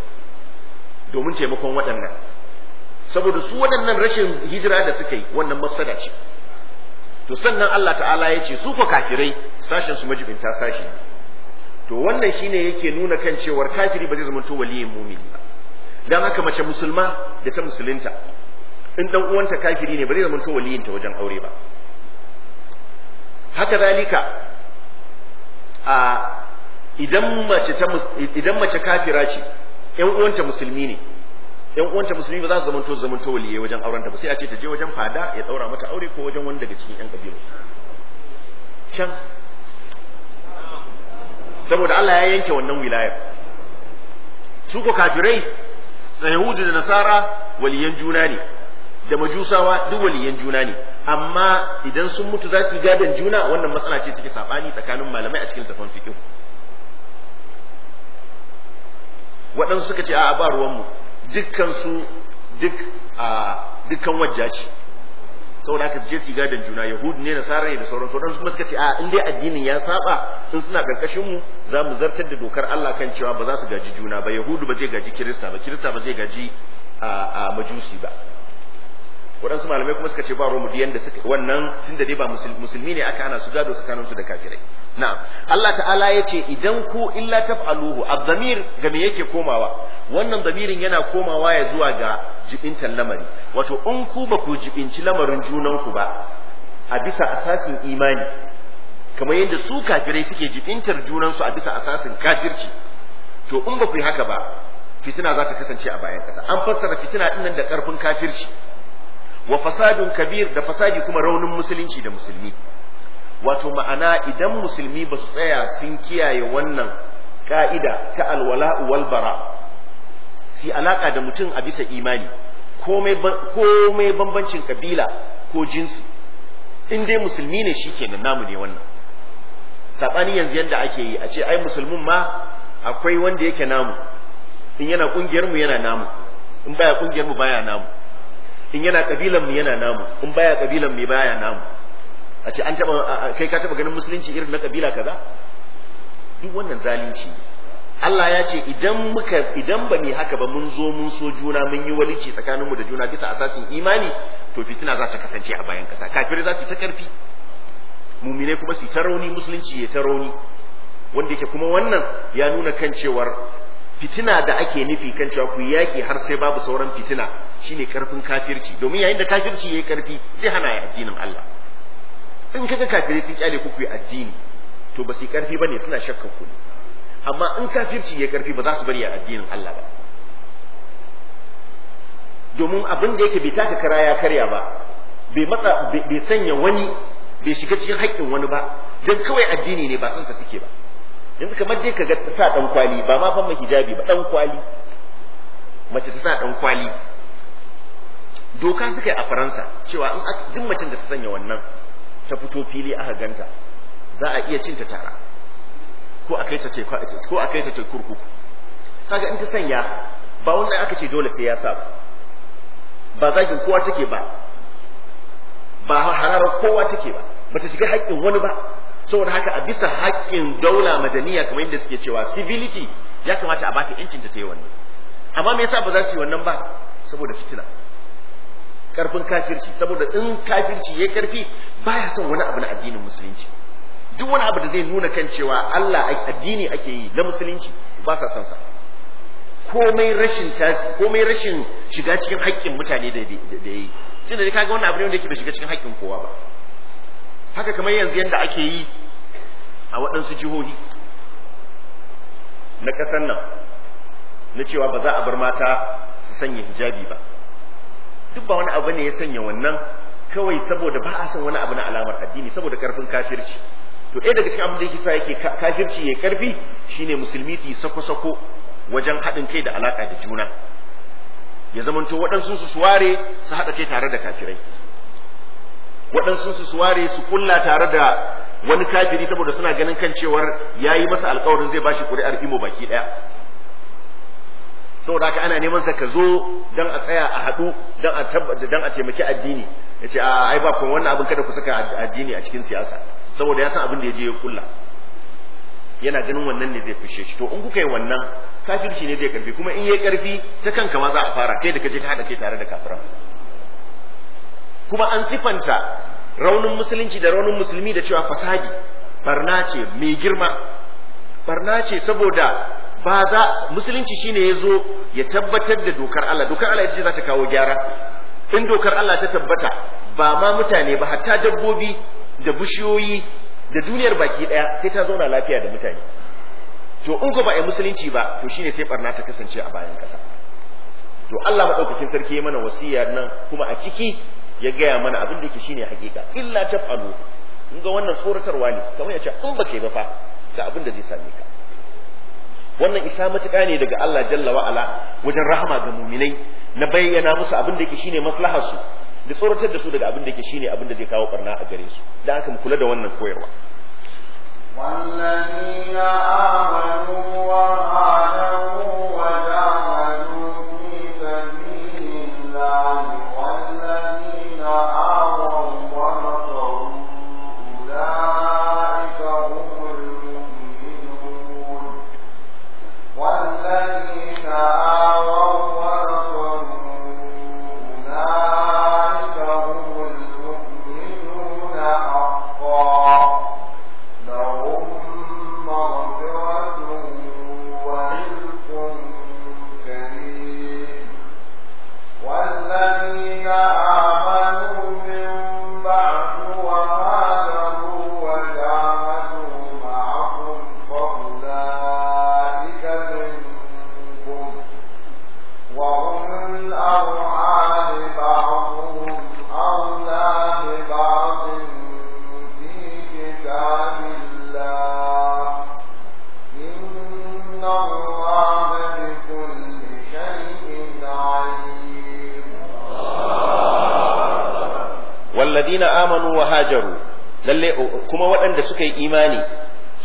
domin taimakon waɗannan saboda su waɗannan rashin hijira da suka yi wannan mafsada ce to sannan Allah ta'ala ya ce su fa kafirai sashen su majibinta sashi to wannan shine yake nuna kan cewar kafiri ba zai zama to waliyin mumini dan haka mace musulma da ta musulunta in dan uwanta kafiri ne ba zai zama to waliyinta wajen aure ba haka zalika a idan mace ta idan mace kafira ce ƴan uwanta musulmi ne ƴan uwanta musulmi ba za su zaman to waliyai wajen auren ta ba sai a ce ta je wajen fada ya daura mata aure ko wajen wani daga cikin ƴan kabilu can saboda Allah ya yanke wannan wilayar su ko kafirai yahudu da nasara waliyan juna ne da majusawa duk waliyan juna ne amma idan sun mutu za su yi gadon juna wannan matsala ce take sabani tsakanin malamai a cikin tafan fiqh waɗansu suka ce a ba ruwanmu dukkan su duk a dukkan wajja ce saboda haka je su gadan juna yahudi ne nasara ne da sauran sauran kuma suka ce a in dai addinin ya saba in suna karkashin mu za mu zartar da dokar Allah kan cewa ba za su gaji juna ba yahudu ba zai gaji kirista ba kirista ba zai gaji a majusi ba waɗansu malamai kuma suka ce ba romu da suka wannan tunda dai ba musulmi ne aka hana su gado tsakaninsu da kafirai na'am Allah ta'ala ya ce idan ku illa taf'aluhu ad-damir ga me yake komawa wannan zamirin yana komawa ya zuwa ga jibintan lamari wato in ku ba ku jibinci lamarin junanku ba a bisa asasin imani kamar yadda su kafirai suke jibintar junansu a bisa asasin kafirci to in ba ku haka ba fitina za ta kasance a bayan ƙasa an fassara fitina ɗin da ƙarfin kafirci wa fasadun kabir da fasadi kuma raunin musulunci da musulmi wato ma'ana idan musulmi ba su tsaya sun kiyaye wannan ka'ida ta alwala wal bara si alaka da mutum a bisa imani komai bambancin kabila ko jinsi in dai musulmi ne shikenan namu ne wannan sabani yanzu yadda ake yi a ce ai musulmin ma akwai wanda yake namu in yana kungiyar mu yana namu in baya kungiyar mu baya namu in yana kabilan mu yana namu in baya kabilan mu baya namu a ce an taba kai ka taba ganin musulunci irin na kabila kaza duk wannan zalunci Allah ya ce idan muka idan ba mu haka ba mun zo mun so juna mun yi walici tsakaninmu da juna bisa asasin imani to fitina za ta kasance a bayan kasa kafiri za su ta karfi muminai kuma su ta rauni musulunci ya ta rauni wanda yake kuma wannan ya nuna kan cewar fitina da ake nufi kan cewa ku yaki har sai babu sauran fitina shine karfin kafirci domin yayin da kafirci yayi karfi zai hana ya addinin Allah in ka ga kafirai sun kyale ku yi addini to ba su karfi ne suna shakkan ku ne, amma in kafirci ya karfi ba za su bari a addinin Allah ba domin abin da yake bai taka kara ya karya ba bai matsa bai sanya wani bai shiga cikin haƙƙin wani ba dan kawai addini ne ba san sa suke ba yanzu kamar dai ka ga sa dan kwali ba ma fama hijabi ba dan kwali mace ta sa dan kwali doka suka yi a Faransa cewa in duk macen da ta sanya wannan ta fito fili aka ganta za a iya cinta tara ko a kai ta ce ko a kai ta ce kurkuku kaga in ta sanya ba wannan aka ce dole sai ya sa ba zagin kowa take ba ba hararar kowa take ba ba ta shiga haƙƙin wani ba saboda haka a bisa haƙƙin daula madaniya kamar yadda suke cewa civility ya kamata a bata yancin ta yi wannan amma me yasa ba za su yi wannan ba saboda fitina karfin kafirci saboda in kafirci ya karfi baya son wani abu na addinin musulunci duk wani abu da zai nuna kan cewa Allah addini ake yi na musulunci ba sa son sa komai rashin tasi komai rashin shiga cikin haƙƙin mutane da da yi tunda dai kaga wannan abu ne wanda yake bai shiga cikin haƙƙin kowa ba haka kamar yanzu yanda ake yi a waɗansu jihohi na ƙasar nan na cewa ba za a bar mata su sanya hijabi ba duk ba wani abu ne ya sanya wannan kawai saboda ba a san wani abu na alamar addini saboda karfin kafirci to ɗaya daga cikin abin da yake sa yake kafirci ya karfi shine musulmi su sako-sako wajen haɗin kai da alaƙa da juna ya zamanto waɗansu su suware su haɗa kai tare da kafirai waɗansu su suware su kulla tare da wani kafiri saboda suna ganin kan cewar ya masa alƙawarin zai bashi ƙuri'ar imo baki ɗaya saboda haka ana neman sa ka zo dan a tsaya a haɗu dan a tabbata dan a taimaki addini yace a ai ba kun wannan abin kada ku saka addini a cikin siyasa saboda ya san abin da yaje ya kulla yana ganin wannan ne zai fishe shi to in kuka yi wannan kafirci ne zai karfi kuma in yayi karfi ta kanka ma za a fara kai da kaje ka hada kai tare da kafiran kuma an sifanta raunin musulunci da raunin musulmi da cewa fasadi barna ce mai girma barna ce saboda ba za musulunci shine ya zo ya tabbatar da dokar Allah dokar Allah ita ce za ta kawo gyara in dokar Allah ta tabbata ba ma mutane ba hatta dabbobi da bishiyoyi da duniyar baki daya sai ta zauna lafiya da mutane to in ko ba a musulunci ba to shine sai barna ta kasance a bayan kasa to Allah madaukakin sarki ya mana wasiya nan kuma a ciki ya gaya mana abin da yake shine hakika illa taf'alu in ga wannan tsoratarwa ne kamar ya ce in baka yi ba fa ga abin da zai same ka wannan isa matuƙa ne daga Allah jalla wa'ala wajen rahama ga muminai na bayyana musu abin da yake shine maslahar su da tsoratar da su daga abin da yake shine abin da zai kawo barna a gare su dan aka mu kula da wannan koyarwa والذين آمنوا وهاجروا وجاهدوا في سبيل الله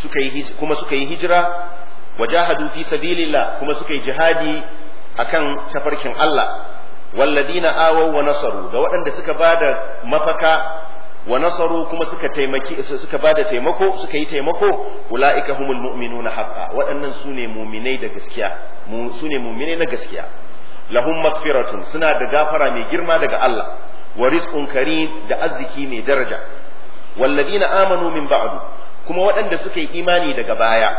suka kuma suka yi hijira wajahadu fi sabilillah kuma suka yi jihadi akan tafarkin Allah walladina awaw wa nasaru da waɗanda suka bada mafaka wa nasaru kuma suka taimaki suka bada taimako suka yi taimako ulaika humul mu'minuna haqqan waɗannan sune mu'minai da gaskiya sune mu'minai na gaskiya lahum maghfiratun suna da gafara mai girma daga Allah wa rizqun karim da arziki mai daraja walladina amanu min ba'du kuma waɗanda suka yi imani daga baya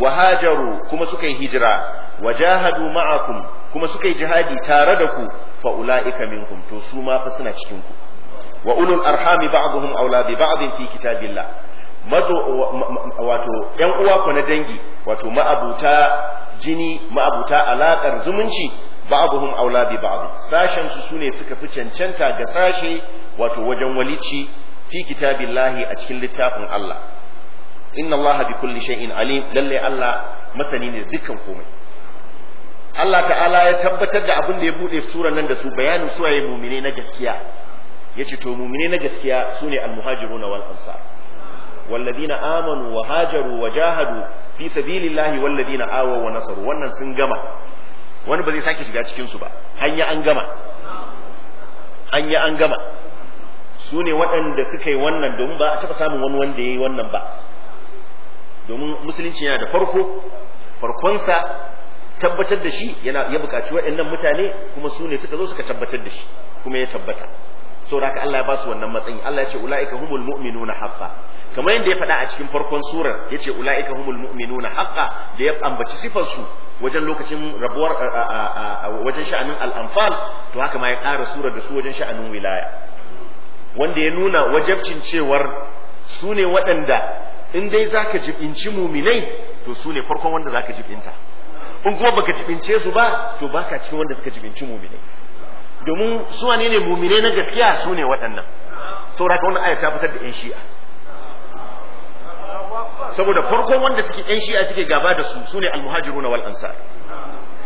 wa hajaru kuma suka yi hijira wa jahadu ma'akum kuma suka yi jihadi tare da ku fa ulaika minkum to su ma fa suna cikin ku wa ulul arhami ba'dhum awla bi ba'dhin fi kitabillah mato wato yan uwa ku na dangi wato ma'abuta jini ma'abuta alakar zumunci ba'dhum auladi bi ba'd sashen su sune suka fi cancanta ga sashe wato wajen walici fi kitabillahi a cikin littafin Allah inna allaha bi kulli shay'in alim lalle Allah masani ne dukkan komai Allah ta'ala ya tabbatar da abin da ya bude sura nan da su bayanin suwaye mumine na gaskiya yace to mumine na gaskiya sune almuhajiruna wal ansar والذين آمنوا وهاجروا وجاهدوا في سبيل الله والذين آووا ونصروا wannan sun gama wani ba zai sake shiga cikin su ba hanya an gama hanya an gama waɗanda suka yi wannan domin ba a taɓa samun wani wanda ya yi wannan ba domin musulunci yana da farko farkonsa tabbatar da shi yana ya buƙaci waɗannan mutane kuma su ne suka zo suka tabbatar da shi kuma ya tabbata saboda haka Allah ya ba su wannan matsayi Allah ya ce ulaika humul mu'minuna haqqan kamar yadda ya faɗa a cikin farkon surar ya ce ula'ika humul mu'minuna haqqa da ya ambaci su wajen lokacin rabuwar wajen sha'anin al'amfal to haka ma ya ƙara surar da su wajen sha'anin wilaya wanda ya nuna wajabcin cewar su ne waɗanda in dai zaka jibinci muminai to su ne farkon wanda zaka jibinta in kuma baka jibince su ba to baka cikin wanda suka jibinci muminai domin su wane ne muminai na gaskiya su ne waɗannan saura ka wannan aya ta fitar da yan shi'a saboda farkon wanda suke yan shi'a suke gaba da su su ne almuhajiruna wal ansar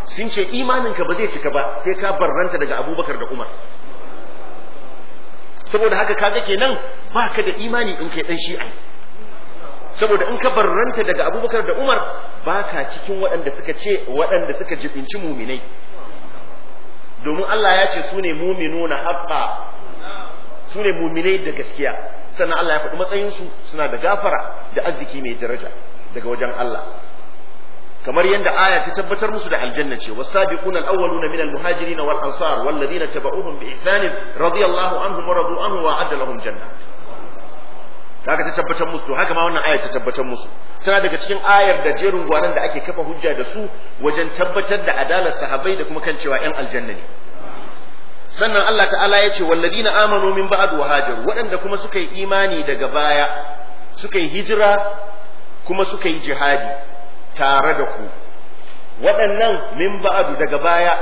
sun ce imaninka ba zai cika ba sai ka barranta daga abubakar da umar saboda haka kaga kenan ba ka da imani in kai dan shi'a saboda in ka barranta daga abubakar da umar baka cikin waɗanda suka ce waɗanda suka jibinci muminai domin Allah ya ce su ne na haƙƙa su ne muminai da gaskiya sannan Allah ya faɗi matsayinsu suna da gafara da arziki mai daraja daga wajen Allah kamar yadda aya ta tabbatar musu da aljanna ce wasabiqun alawwaluna min almuhajirin wal ansar wal ladina tabauhum bi ihsan radiyallahu anhum wa radu anhu wa adda lahum haka ta tabbatar musu haka ma wannan ayar ta tabbatar musu tana daga cikin ayar da jerin gwanan da ake kafa hujja da su wajen tabbatar da adalar sahabbai da kuma kan cewa yan aljanna ne sannan Allah ta'ala ya ce walladina amanu min ba'd wa hajaru waɗanda kuma suka yi imani daga baya suka yi hijira kuma suka yi jihadi tare da ku waɗannan min ba'du daga baya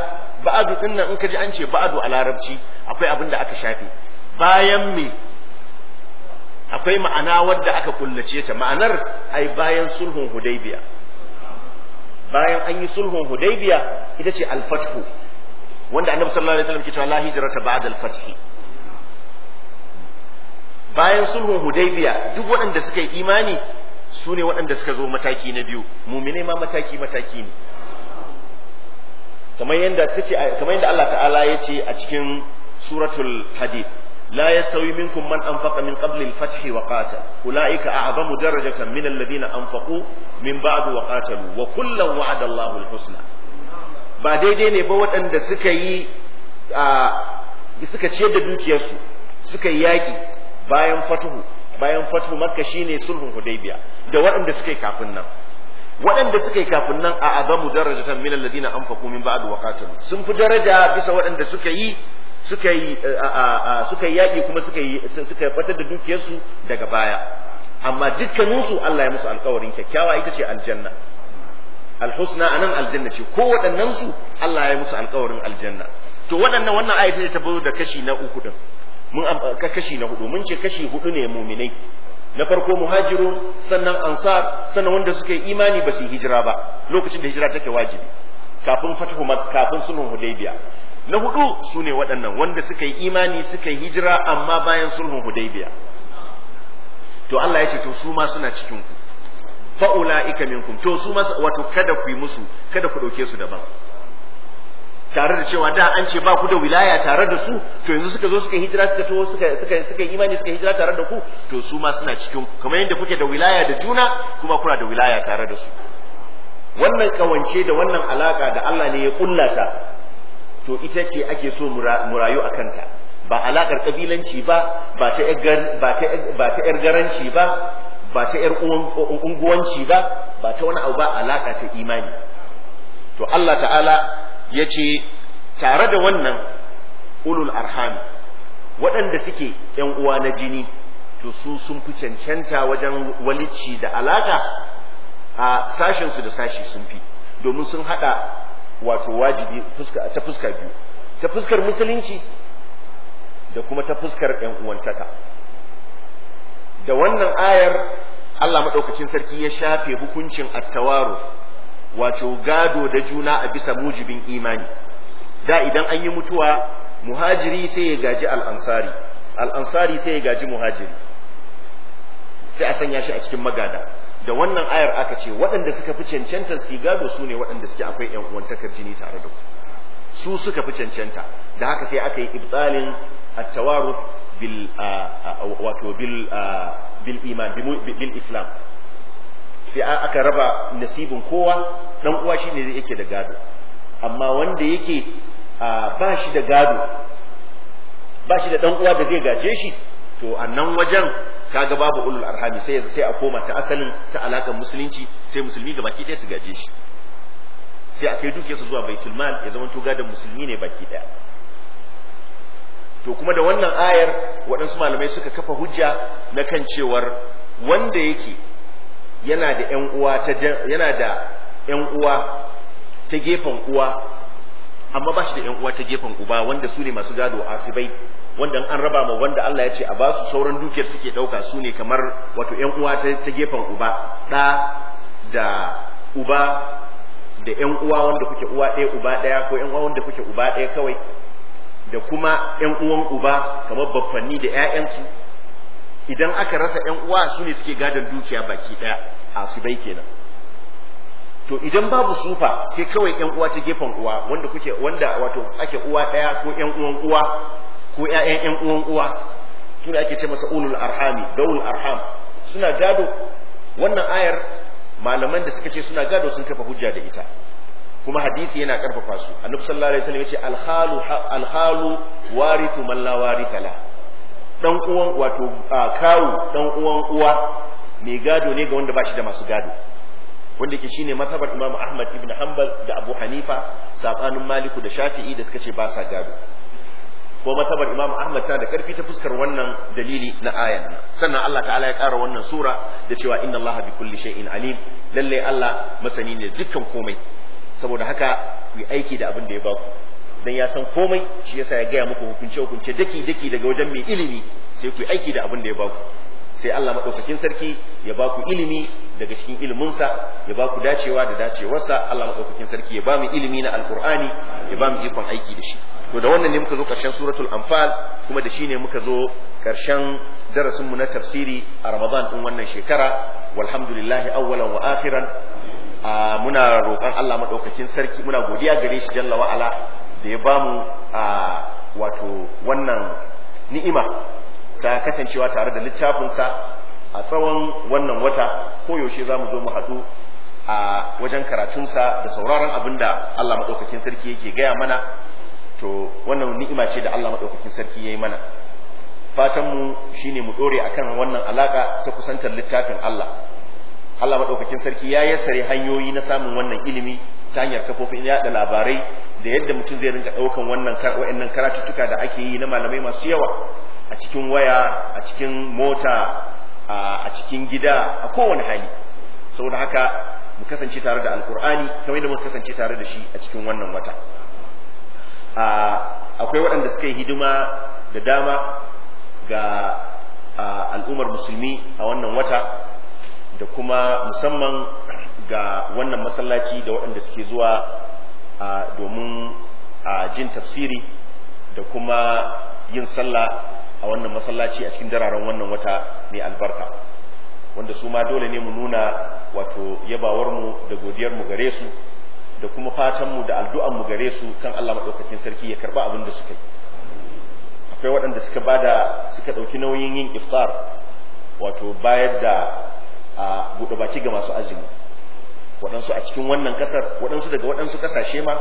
ba'du dinnan in ka ji an ce ba'adu a larabci akwai abin da aka shafe bayan me akwai ma'ana wadda aka kullace ta ma'anar ai bayan sulhun hudaybiya bayan an yi sulhun hudaybiya ita ce al-fathu wanda annabi sallallahu alaihi wasallam ke cewa la hijrata ba'da al-fath bayan sulhun hudaybiya duk waɗanda suka yi imani su ne waɗanda suka zo mataki na biyu mumine ma mataki mataki ne kamar yadda kamar yadda Allah ta'ala ya ce a cikin suratul hadid لا يستوي منكم من أنفق من قبل الفتح وقاتل أولئك أعظم درجة من الذين أنفقوا من بعد وقاتلوا وكلا وعد الله الحسنى ba daidai ne ba waɗanda suka yi suka ciyar da dukiyarsu suka yi yaƙi bayan fatuhu bayan fatuhu makka shine sulhun hudaybiya da waɗanda suke kafin nan waɗanda suke kafin nan a azamu darajatan min alladina anfaqu min ba'd wa qatalu sun fi daraja bisa waɗanda suka yi suka yi suka yaƙi kuma suka yi suka fatar da dukiyarsu daga baya amma dukkaninsu Allah ya musu alƙawarin kyakkyawa ita ce aljanna alhusna anan aljanna ce ko waɗannansu su Allah ya musu alƙawarin aljanna to waɗannan wannan ayata ta bazo da kashi na uku din mun ka kashi na hudu mun ce kashi hudu ne muminai na farko muhajirun sannan ansar sannan wanda suka yi imani ba su hijira ba lokacin da hijira take wajibi kafin fathu kafin sulhun hudaybiya na hudu su ne waɗannan wanda suka yi imani suka yi hijira amma bayan sulhun hudaybiya to Allah ya ce to su ma suna cikin ku fa'ula'ika minkum to su ma wato kada ku yi musu kada ku ɗauke su daban tare da cewa da an ce ba ku da wilaya tare da su to yanzu suka zo suka hijira suka to suka suka suka imani suka hijira tare da ku to su ma suna cikin ku kamar yadda kuke da wilaya da juna kuma kuna da wilaya tare da su wannan kawance da wannan alaka da Allah ne ya kullata to ita ce ake so mu rayu a kanta ba alaƙar ƙabilanci ba ba ta ‘yar garanci ba ba ta ‘yar unguwanci ba ba ta wani abu ba alaƙa ta imani to Allah ta'ala ya ce tare da wannan ulul arhami waɗanda suke ‘yan uwa na jini to su sun fi cancanta wajen walici da alaƙa a sashensu da sashi sun fi domin sun haɗa wato wajibi ta fuska biyu ta fuskar musulunci da kuma ta fuskar ‘yan uwantaka da wannan ayar Allah maɗaukacin sarki ya shafe hukuncin attawarus wato gado da juna a bisa mujibin imani da idan an yi mutuwa muhajiri sai ya gaji al'ansari al'ansari sai ya gaji muhajiri sai a sanya shi a cikin magada da wannan ayar aka ce waɗanda suka fi cancanta su gado su ne waɗanda suke akwai ƴan uwantakar jini tare da ku. su suka fi cancanta da haka sai aka yi ibtalin at-tawaruf bil wato bil bil iman bil islam sai aka raba nasibin kowa dan uwa shine zai yake da gado amma wanda yake ba shi da gado ba shi da dan uwa da zai gaje shi to a wajen kaga babu ulul arhami sai sai a koma ta asalin ta alakan musulunci sai musulmi ga baki ɗaya su gaje shi sai a kai duke su zuwa baitul mal ya zama to gadan musulmi ne baki ɗaya to kuma da wannan ayar waɗansu malamai suka kafa hujja na kan cewar wanda yake yana da ƴan uwa ta yana da ƴan uwa ta gefen uwa amma ba shi da ƴan uwa ta gefen uba wanda su ne masu gado asibai wanda an raba ma wanda Allah ya ce a ba su sauran dukiyar suke ɗauka su ne kamar wato ‘yan uwa ta gefen uba ɗa da uba da ‘yan uwa wanda kuke uwa ɗaya uba ɗaya ko ‘yan uwa wanda kuke uba ɗaya kawai da kuma ‘yan uwan uba kamar baffanni da ‘ya'yansu idan aka rasa ‘yan uwa su ne suke gadon dukiya baki ɗaya a su bai kenan to idan babu sufa sai kawai ‘yan uwa ta gefen uwa wanda kuke wanda wato ake uwa ɗaya ko ‘yan uwan uwa ko ƴaƴan ƴan uwan uwa su ne ake ce masa ulul arhami daul arham suna gado wannan ayar malaman da suka ce suna gado sun kafa hujja da ita kuma hadisi yana karfafa su annabi sallallahu alaihi wasallam yace alhalu alhalu warithu man la waritha la dan uwan wato kawu dan uwan uwa mai gado ne ga wanda ba shi da masu gado wanda ke shine mazhabar Imam Ahmad ibn Hanbal da Abu Hanifa sabanin Maliku da Shafi'i da suka ce ba sa gado ko matabar Imam Ahmad ta da karfi ta fuskar wannan dalili na ayan sannan Allah ta'ala ya ƙara wannan sura da cewa inna Allah bi kulli shay'in alim lalle Allah masani ne dukkan komai saboda haka ku aiki da abin da ya baku dan ya san komai shi yasa ya gaya muku hukunce hukunce daki daki daga wajen mai ilimi sai ku aiki da abin da ya baku sai Allah maɗaukakin sarki ya ba ku ilimi daga cikin iliminsa ya ba ku dacewa da dacewarsa Allah maɗaukakin sarki ya ba mu ilimi na Alƙur'ani ya ba mu ikon aiki da shi to da wannan ne muka zo ƙarshen suratul anfal kuma da shi ne muka zo karshen darasinmu na tafsiri a ramadan ɗin wannan shekara walhamdulillahi awwalan wa akhiran muna roƙon Allah madaukakin sarki muna godiya gare shi jalla wa'ala. da ya bamu wato wannan ni'ima ta kasancewa tare da littafinsa a tsawon wannan wata koyaushe za mu zo mu haɗu a wajen karatunsa da sauraron abin da Allah maɗaukakin sarki yake gaya mana to wannan ni'ima ce da Allah maɗaukakin sarki ya yi mana fatanmu shi ne mu ɗore a kan wannan alaka ta kusantar littafin Allah Allah maɗaukakin sarki ya yassare hanyoyi na samun wannan ilimi ta hanyar kafofin yaɗa labarai da yadda mutum zai rinka ɗaukan wannan waɗannan karatuttuka da ake yi na malamai masu yawa a cikin waya a cikin mota a cikin gida a kowane hali saboda haka mu kasance tare da alkur'ani kamar yadda mu kasance tare da shi a cikin wannan wata akwai waɗanda suka yi hidima da dama ga al'ummar musulmi a wannan wata da kuma musamman ga wannan masallaci da waɗanda suke zuwa domin jin tafsiri da kuma yin sallah a wannan masallaci a cikin dararen wannan wata mai albarka wanda su ma dole ne mu nuna wato yabawar mu da godiyarmu gare su da kuma fatanmu da addu'anmu gare su kan Allah maɗaukakin sarki ya karɓa abin da suka yi akwai waɗanda suka bada suka ɗauki nauyin yin iftar wato bayar da a buɗe baki ga masu azumi waɗansu a cikin wannan ƙasar waɗansu daga waɗansu ƙasashe ma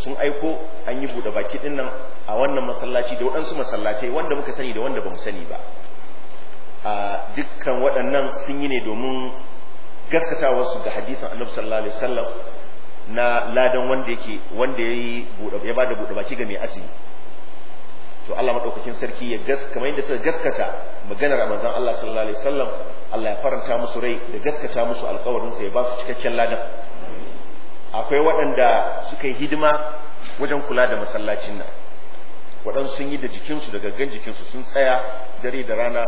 sun aiko an yi buɗe baki ɗin nan a wannan masallaci da waɗansu masallacai wanda muka sani da wanda ba mu sani ba a dukkan waɗannan sun yi ne domin su ga hadisin annabi sallallahu alaihi wasallam na ladan wanda yake wanda yayi ya bada buɗe baki ga mai asiri to Allah madaukakin sarki ya gas kamar yadda suka gaskata maganar manzon Allah sallallahu alaihi wasallam Allah ya faranta musu rai da gaskata musu alƙawarin sa ya ba su cikakken ladan akwai waɗanda suka yi hidima wajen kula da masallacin nan waɗansu sun yi da jikinsu da gaggan jikinsu sun tsaya dare da rana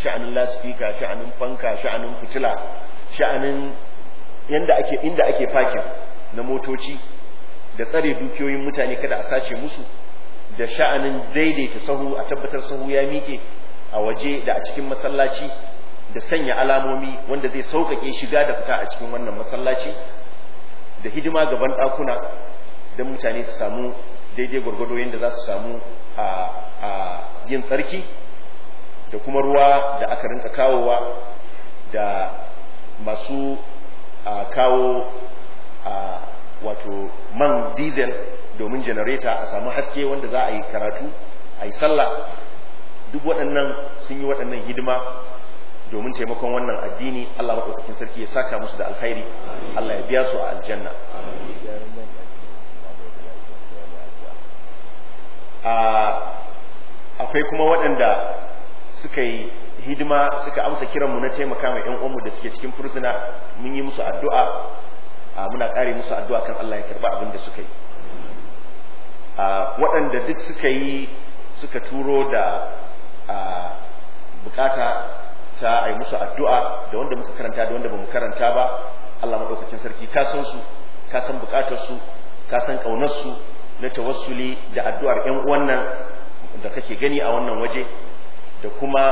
sha'anin laspika sha'anin fanka sha'anin fitila sha'anin yanda ake inda ake fakin na motoci da tsare dukiyoyin mutane kada a sace musu da sha'anin daidaita sahu a tabbatar sahu ya miƙe a waje da a cikin masallaci da sanya alamomi wanda zai sauƙaƙe shiga da fita a cikin wannan masallaci da hidima gaban ɗakuna don mutane su samu daidai gwargwado yadda za su samu a yin tsarki da kuma ruwa da aka rinka kawowa da masu kawo wato man diesel domin janareta a samu haske wanda za a yi karatu a yi sallah duk waɗannan sun yi waɗannan hidima domin taimakon wannan addini Allah maɗaukakin sarki ya saka musu da alkhairi Allah ya biya su a aljanna akwai kuma waɗanda suka yi hidima suka amsa kiran mu na taimaka mai 'yan uwanmu da suke cikin fursuna mun yi musu addu'a muna ƙare musu addu'a kan Allah ya karba abin da suka yi waɗanda duk suka yi suka turo da bukata ta a yi musu addu'a da wanda muka karanta da wanda ba mu karanta ba Allah maɗaukacin sarki ka san su ka san buƙatar su ka san ƙaunar su na tawassuli da addu'ar ƴan wannan nan da kake gani a wannan waje da kuma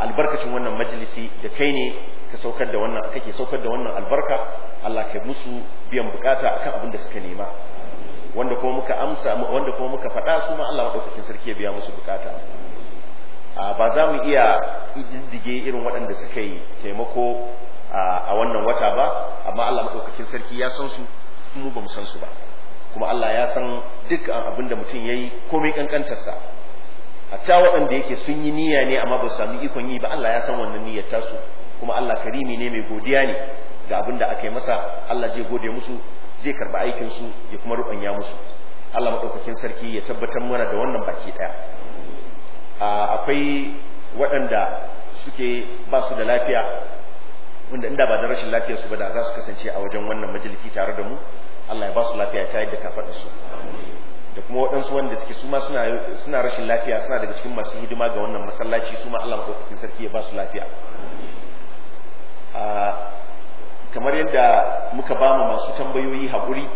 albarkacin wannan majalisi da kai ne ka saukar da wannan kake saukar da wannan albarka Allah kai musu biyan bukata akan abin da suka nema wanda kuma muka amsa wanda kuma muka faɗa su ma Allah madaukakin sarki ya biya musu bukata Ah, ba za mu iya diddige irin waɗanda suka yi taimako ah, a wannan wata ba amma Allah maɗaukakin sarki ya san su mu ba mu san su ba kuma Allah ya san duk abin da mutum ya yi komai ƙanƙantarsa hatta waɗanda yake sun yi niyya ne amma ba su sami ikon yi ba Allah ya san wannan niyyar tasu kuma Allah karimi ne mai godiya ne ga abin da aka yi masa Allah zai gode musu zai karɓi aikinsu ya kuma ruɓanya musu Allah maɗaukakin sarki ya tabbatar mana da wannan baki ɗaya akwai waɗanda suke ba su da lafiya wanda inda ba da rashin lafiya su ba da za su kasance a wajen wannan majalisi tare da mu Allah ya ba su lafiya ta yadda kafaɗa su da kuma waɗansu wanda suke su suna rashin lafiya suna daga cikin masu hidima ga wannan masallaci su ma Allah maɗaukakin sarki ya ba su lafiya kamar yadda muka ba mu masu tambayoyi haƙuri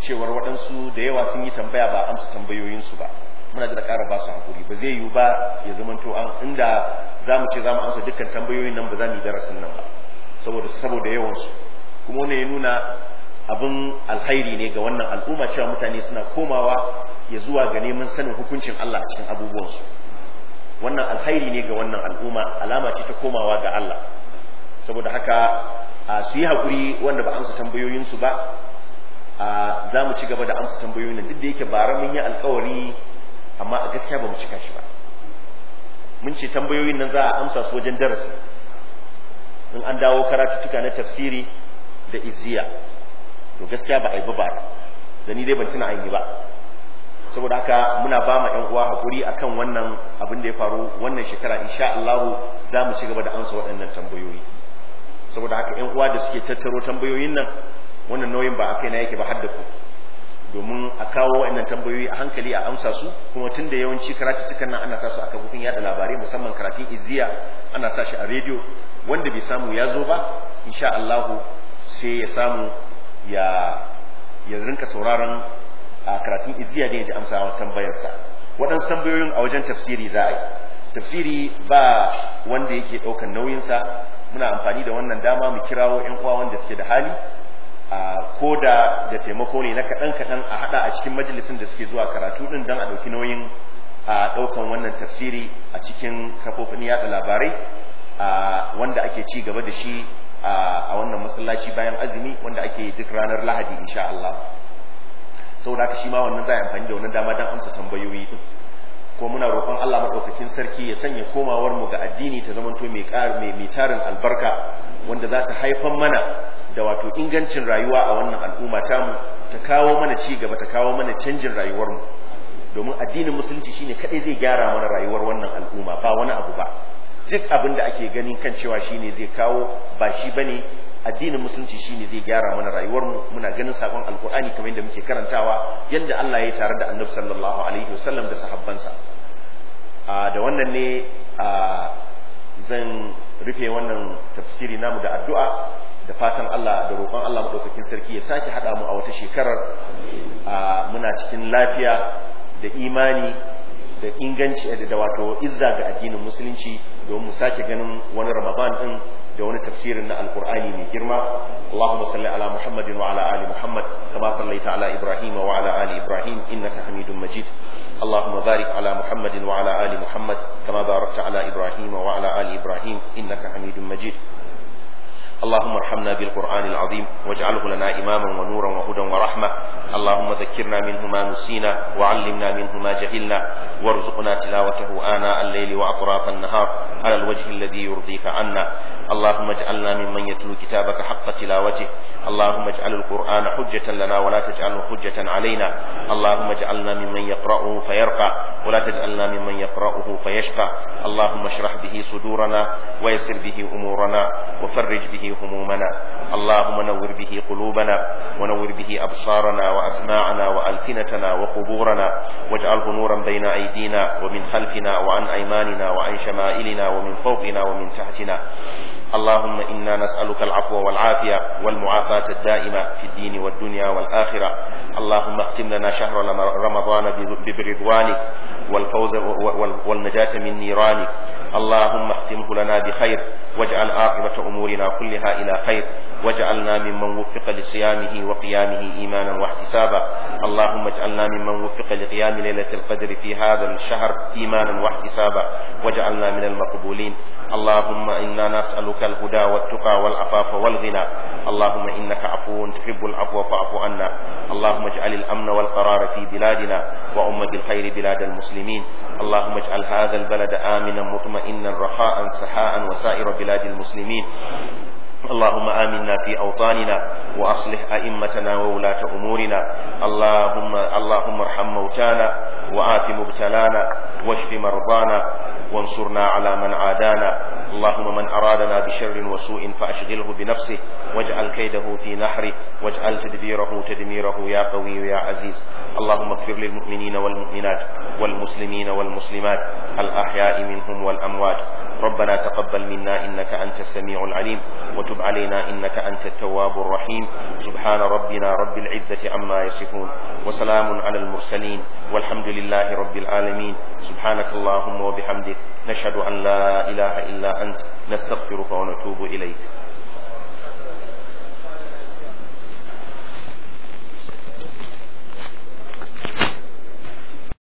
cewar waɗansu da yawa sun yi tambaya ba amsa tambayoyinsu ba muna da ƙara ba su hakuri ba zai yiwu ba ya zama to an inda za mu ce za mu amsa dukkan tambayoyin nan ba za mu yi darasin nan ba saboda saboda yawan su kuma wannan ya nuna abin alkhairi ne ga wannan al'umma cewa mutane suna komawa ya zuwa ga neman sanin hukuncin Allah a cikin abubuwansu wannan alkhairi ne ga wannan al'umma alama ce ta komawa ga Allah saboda haka a su yi haƙuri wanda ba amsa tambayoyinsu ba a za ci gaba da amsa tambayoyin duk da yake bara mun yi alkawari amma a gaskiya ba mu cika shi ba mun ce tambayoyin nan za a amsa su wajen darasi in an dawo karatuttuka na tafsiri da iziya to gaskiya ba a yi ba da ni dai ban tuna an yi ba saboda haka muna ba ma ɗan uwa hakuri akan wannan abin da ya faru wannan shekara insha Allah za mu ci gaba da amsa waɗannan tambayoyi saboda haka ƴan uwa da suke tattaro tambayoyin nan wannan nauyin ba a kai na yake ba har da ku domin a kawo waɗannan tambayoyi a hankali a amsa su kuma tun da yawanci karatu karatuttukan nan ana sa su a kafofin yada labarai musamman karatun iziya ana sa shi a rediyo wanda bai samu ya zo ba insha Allah sai ya samu ya ya rinka sauraron a karatun izziya ne ya ji amsa sa waɗansu tambayoyin a wajen tafsiri za a yi tafsiri ba wanda yake ɗaukan nauyinsa muna amfani da wannan dama mu kirawo 'yan uwa wanda suke da hali ko da da taimako ne na kaɗan kaɗan a haɗa a cikin majalisin da suke zuwa karatu ɗin don a ɗauki nauyin a ɗaukan wannan tafsiri a cikin kafofin yaɗa labarai wanda ake ci gaba da shi a wannan masallaci bayan azumi wanda ake duk ranar lahadi insha Allah saboda haka shi ma wannan za a amfani da wannan dama don amsa tambayoyi din ko muna roƙon Allah maɗaukakin sarki ya sanya komawar mu ga addini ta zamanto mai mai tarin albarka wanda za ta haifan mana da wato ingancin rayuwa a wannan al'umma tamu ta kawo mana ci gaba ta kawo mana canjin rayuwarmu domin addinin musulunci shine kadai zai gyara mana rayuwar wannan al'umma ba wani abu ba duk abin da ake ganin kan cewa shine zai kawo ba shi bane addinin musulunci shine zai gyara mana rayuwarmu muna ganin sakon alkur'ani kamar yadda muke karantawa yadda Allah ya yi tare da annabi sallallahu alaihi wasallam da sahabbansa da wannan ne zan rufe wannan tafsiri namu da addu'a da fatan Allah da roƙon Allah maɗaukakin sarki ya sake haɗa mu a wata shekarar muna cikin lafiya da imani da inganci eh, da wato izza ga addinin musulunci domin mu sake ganin wani ramadan din da wani tafsirin na alkur'ani mai girma Allahumma salli ala Muhammadin wa ala ali Muhammad kama sallaita ala Ibrahim wa ala ali Ibrahim innaka Hamidum Majid Allahumma barik ala Muhammadin wa ala ali Muhammad kama barakta ala Ibrahim wa ala ali Ibrahim innaka Hamidum Majid اللهم ارحمنا بالقرآن العظيم واجعله لنا إماما ونورا وهدى ورحمة اللهم ذكرنا منه ما نسينا وعلمنا منه ما جهلنا وارزقنا تلاوته آناء الليل وأطراف النهار على الوجه الذي يرضيك عنا اللهم اجعلنا ممن يتلو كتابك حق تلاوته اللهم اجعل القرآن حجة لنا ولا تجعله حجة علينا اللهم اجعلنا ممن يقرأه فيرقى ولا تجعلنا ممن يقرأه فيشقى اللهم اشرح به صدورنا ويسر به أمورنا وفرج به همومنا اللهم نور به قلوبنا ونور به أبصارنا وأسماعنا وألسنتنا وقبورنا واجعله نورا بين أيدينا ومن خلفنا وعن أيماننا وعن شمائلنا ومن فوقنا ومن تحتنا اللهم إنا نسألك العفو والعافية والمعافاة الدائمة في الدين والدنيا والآخرة اللهم اختم لنا شهر رمضان برضوانك والفوز والنجاة من نيرانك اللهم اختمه لنا بخير واجعل عاقبة أمورنا كلها إلى خير واجعلنا ممن وفق لصيامه وقيامه إيمانا واحتسابا اللهم اجعلنا ممن وفق لقيام ليلة القدر في هذا الشهر إيمانا واحتسابا واجعلنا من المقبولين اللهم إنا نسألك الهدى والتقى والعفاف والغنى اللهم إنك عفو تحب العفو فاعف عنا اللهم اجعل الأمن والقرار في بلادنا وأمة الخير بلاد المسلمين اللهم اجعل هذا البلد آمنا مطمئنا رخاء سحاء وسائر بلاد المسلمين اللهم آمنا في أوطاننا وأصلح أئمتنا وولاة أمورنا اللهم اللهم ارحم موتانا وآت مبتلانا واشف مرضانا وانصرنا على من عادانا اللهم من أرادنا بشر وسوء فأشغله بنفسه واجعل كيده في نحره واجعل تدبيره تدميره يا قوي يا عزيز اللهم اغفر للمؤمنين والمؤمنات والمسلمين والمسلمات الأحياء منهم والأموات ربنا تقبل منا إنك أنت السميع العليم وتب علينا إنك أنت التواب الرحيم سبحان ربنا رب العزة عما يصفون وسلام على المرسلين والحمد لله رب العالمين سبحانك اللهم وبحمدك نشهد أن لا إله إلا أنت نستغفرك ونتوب إليك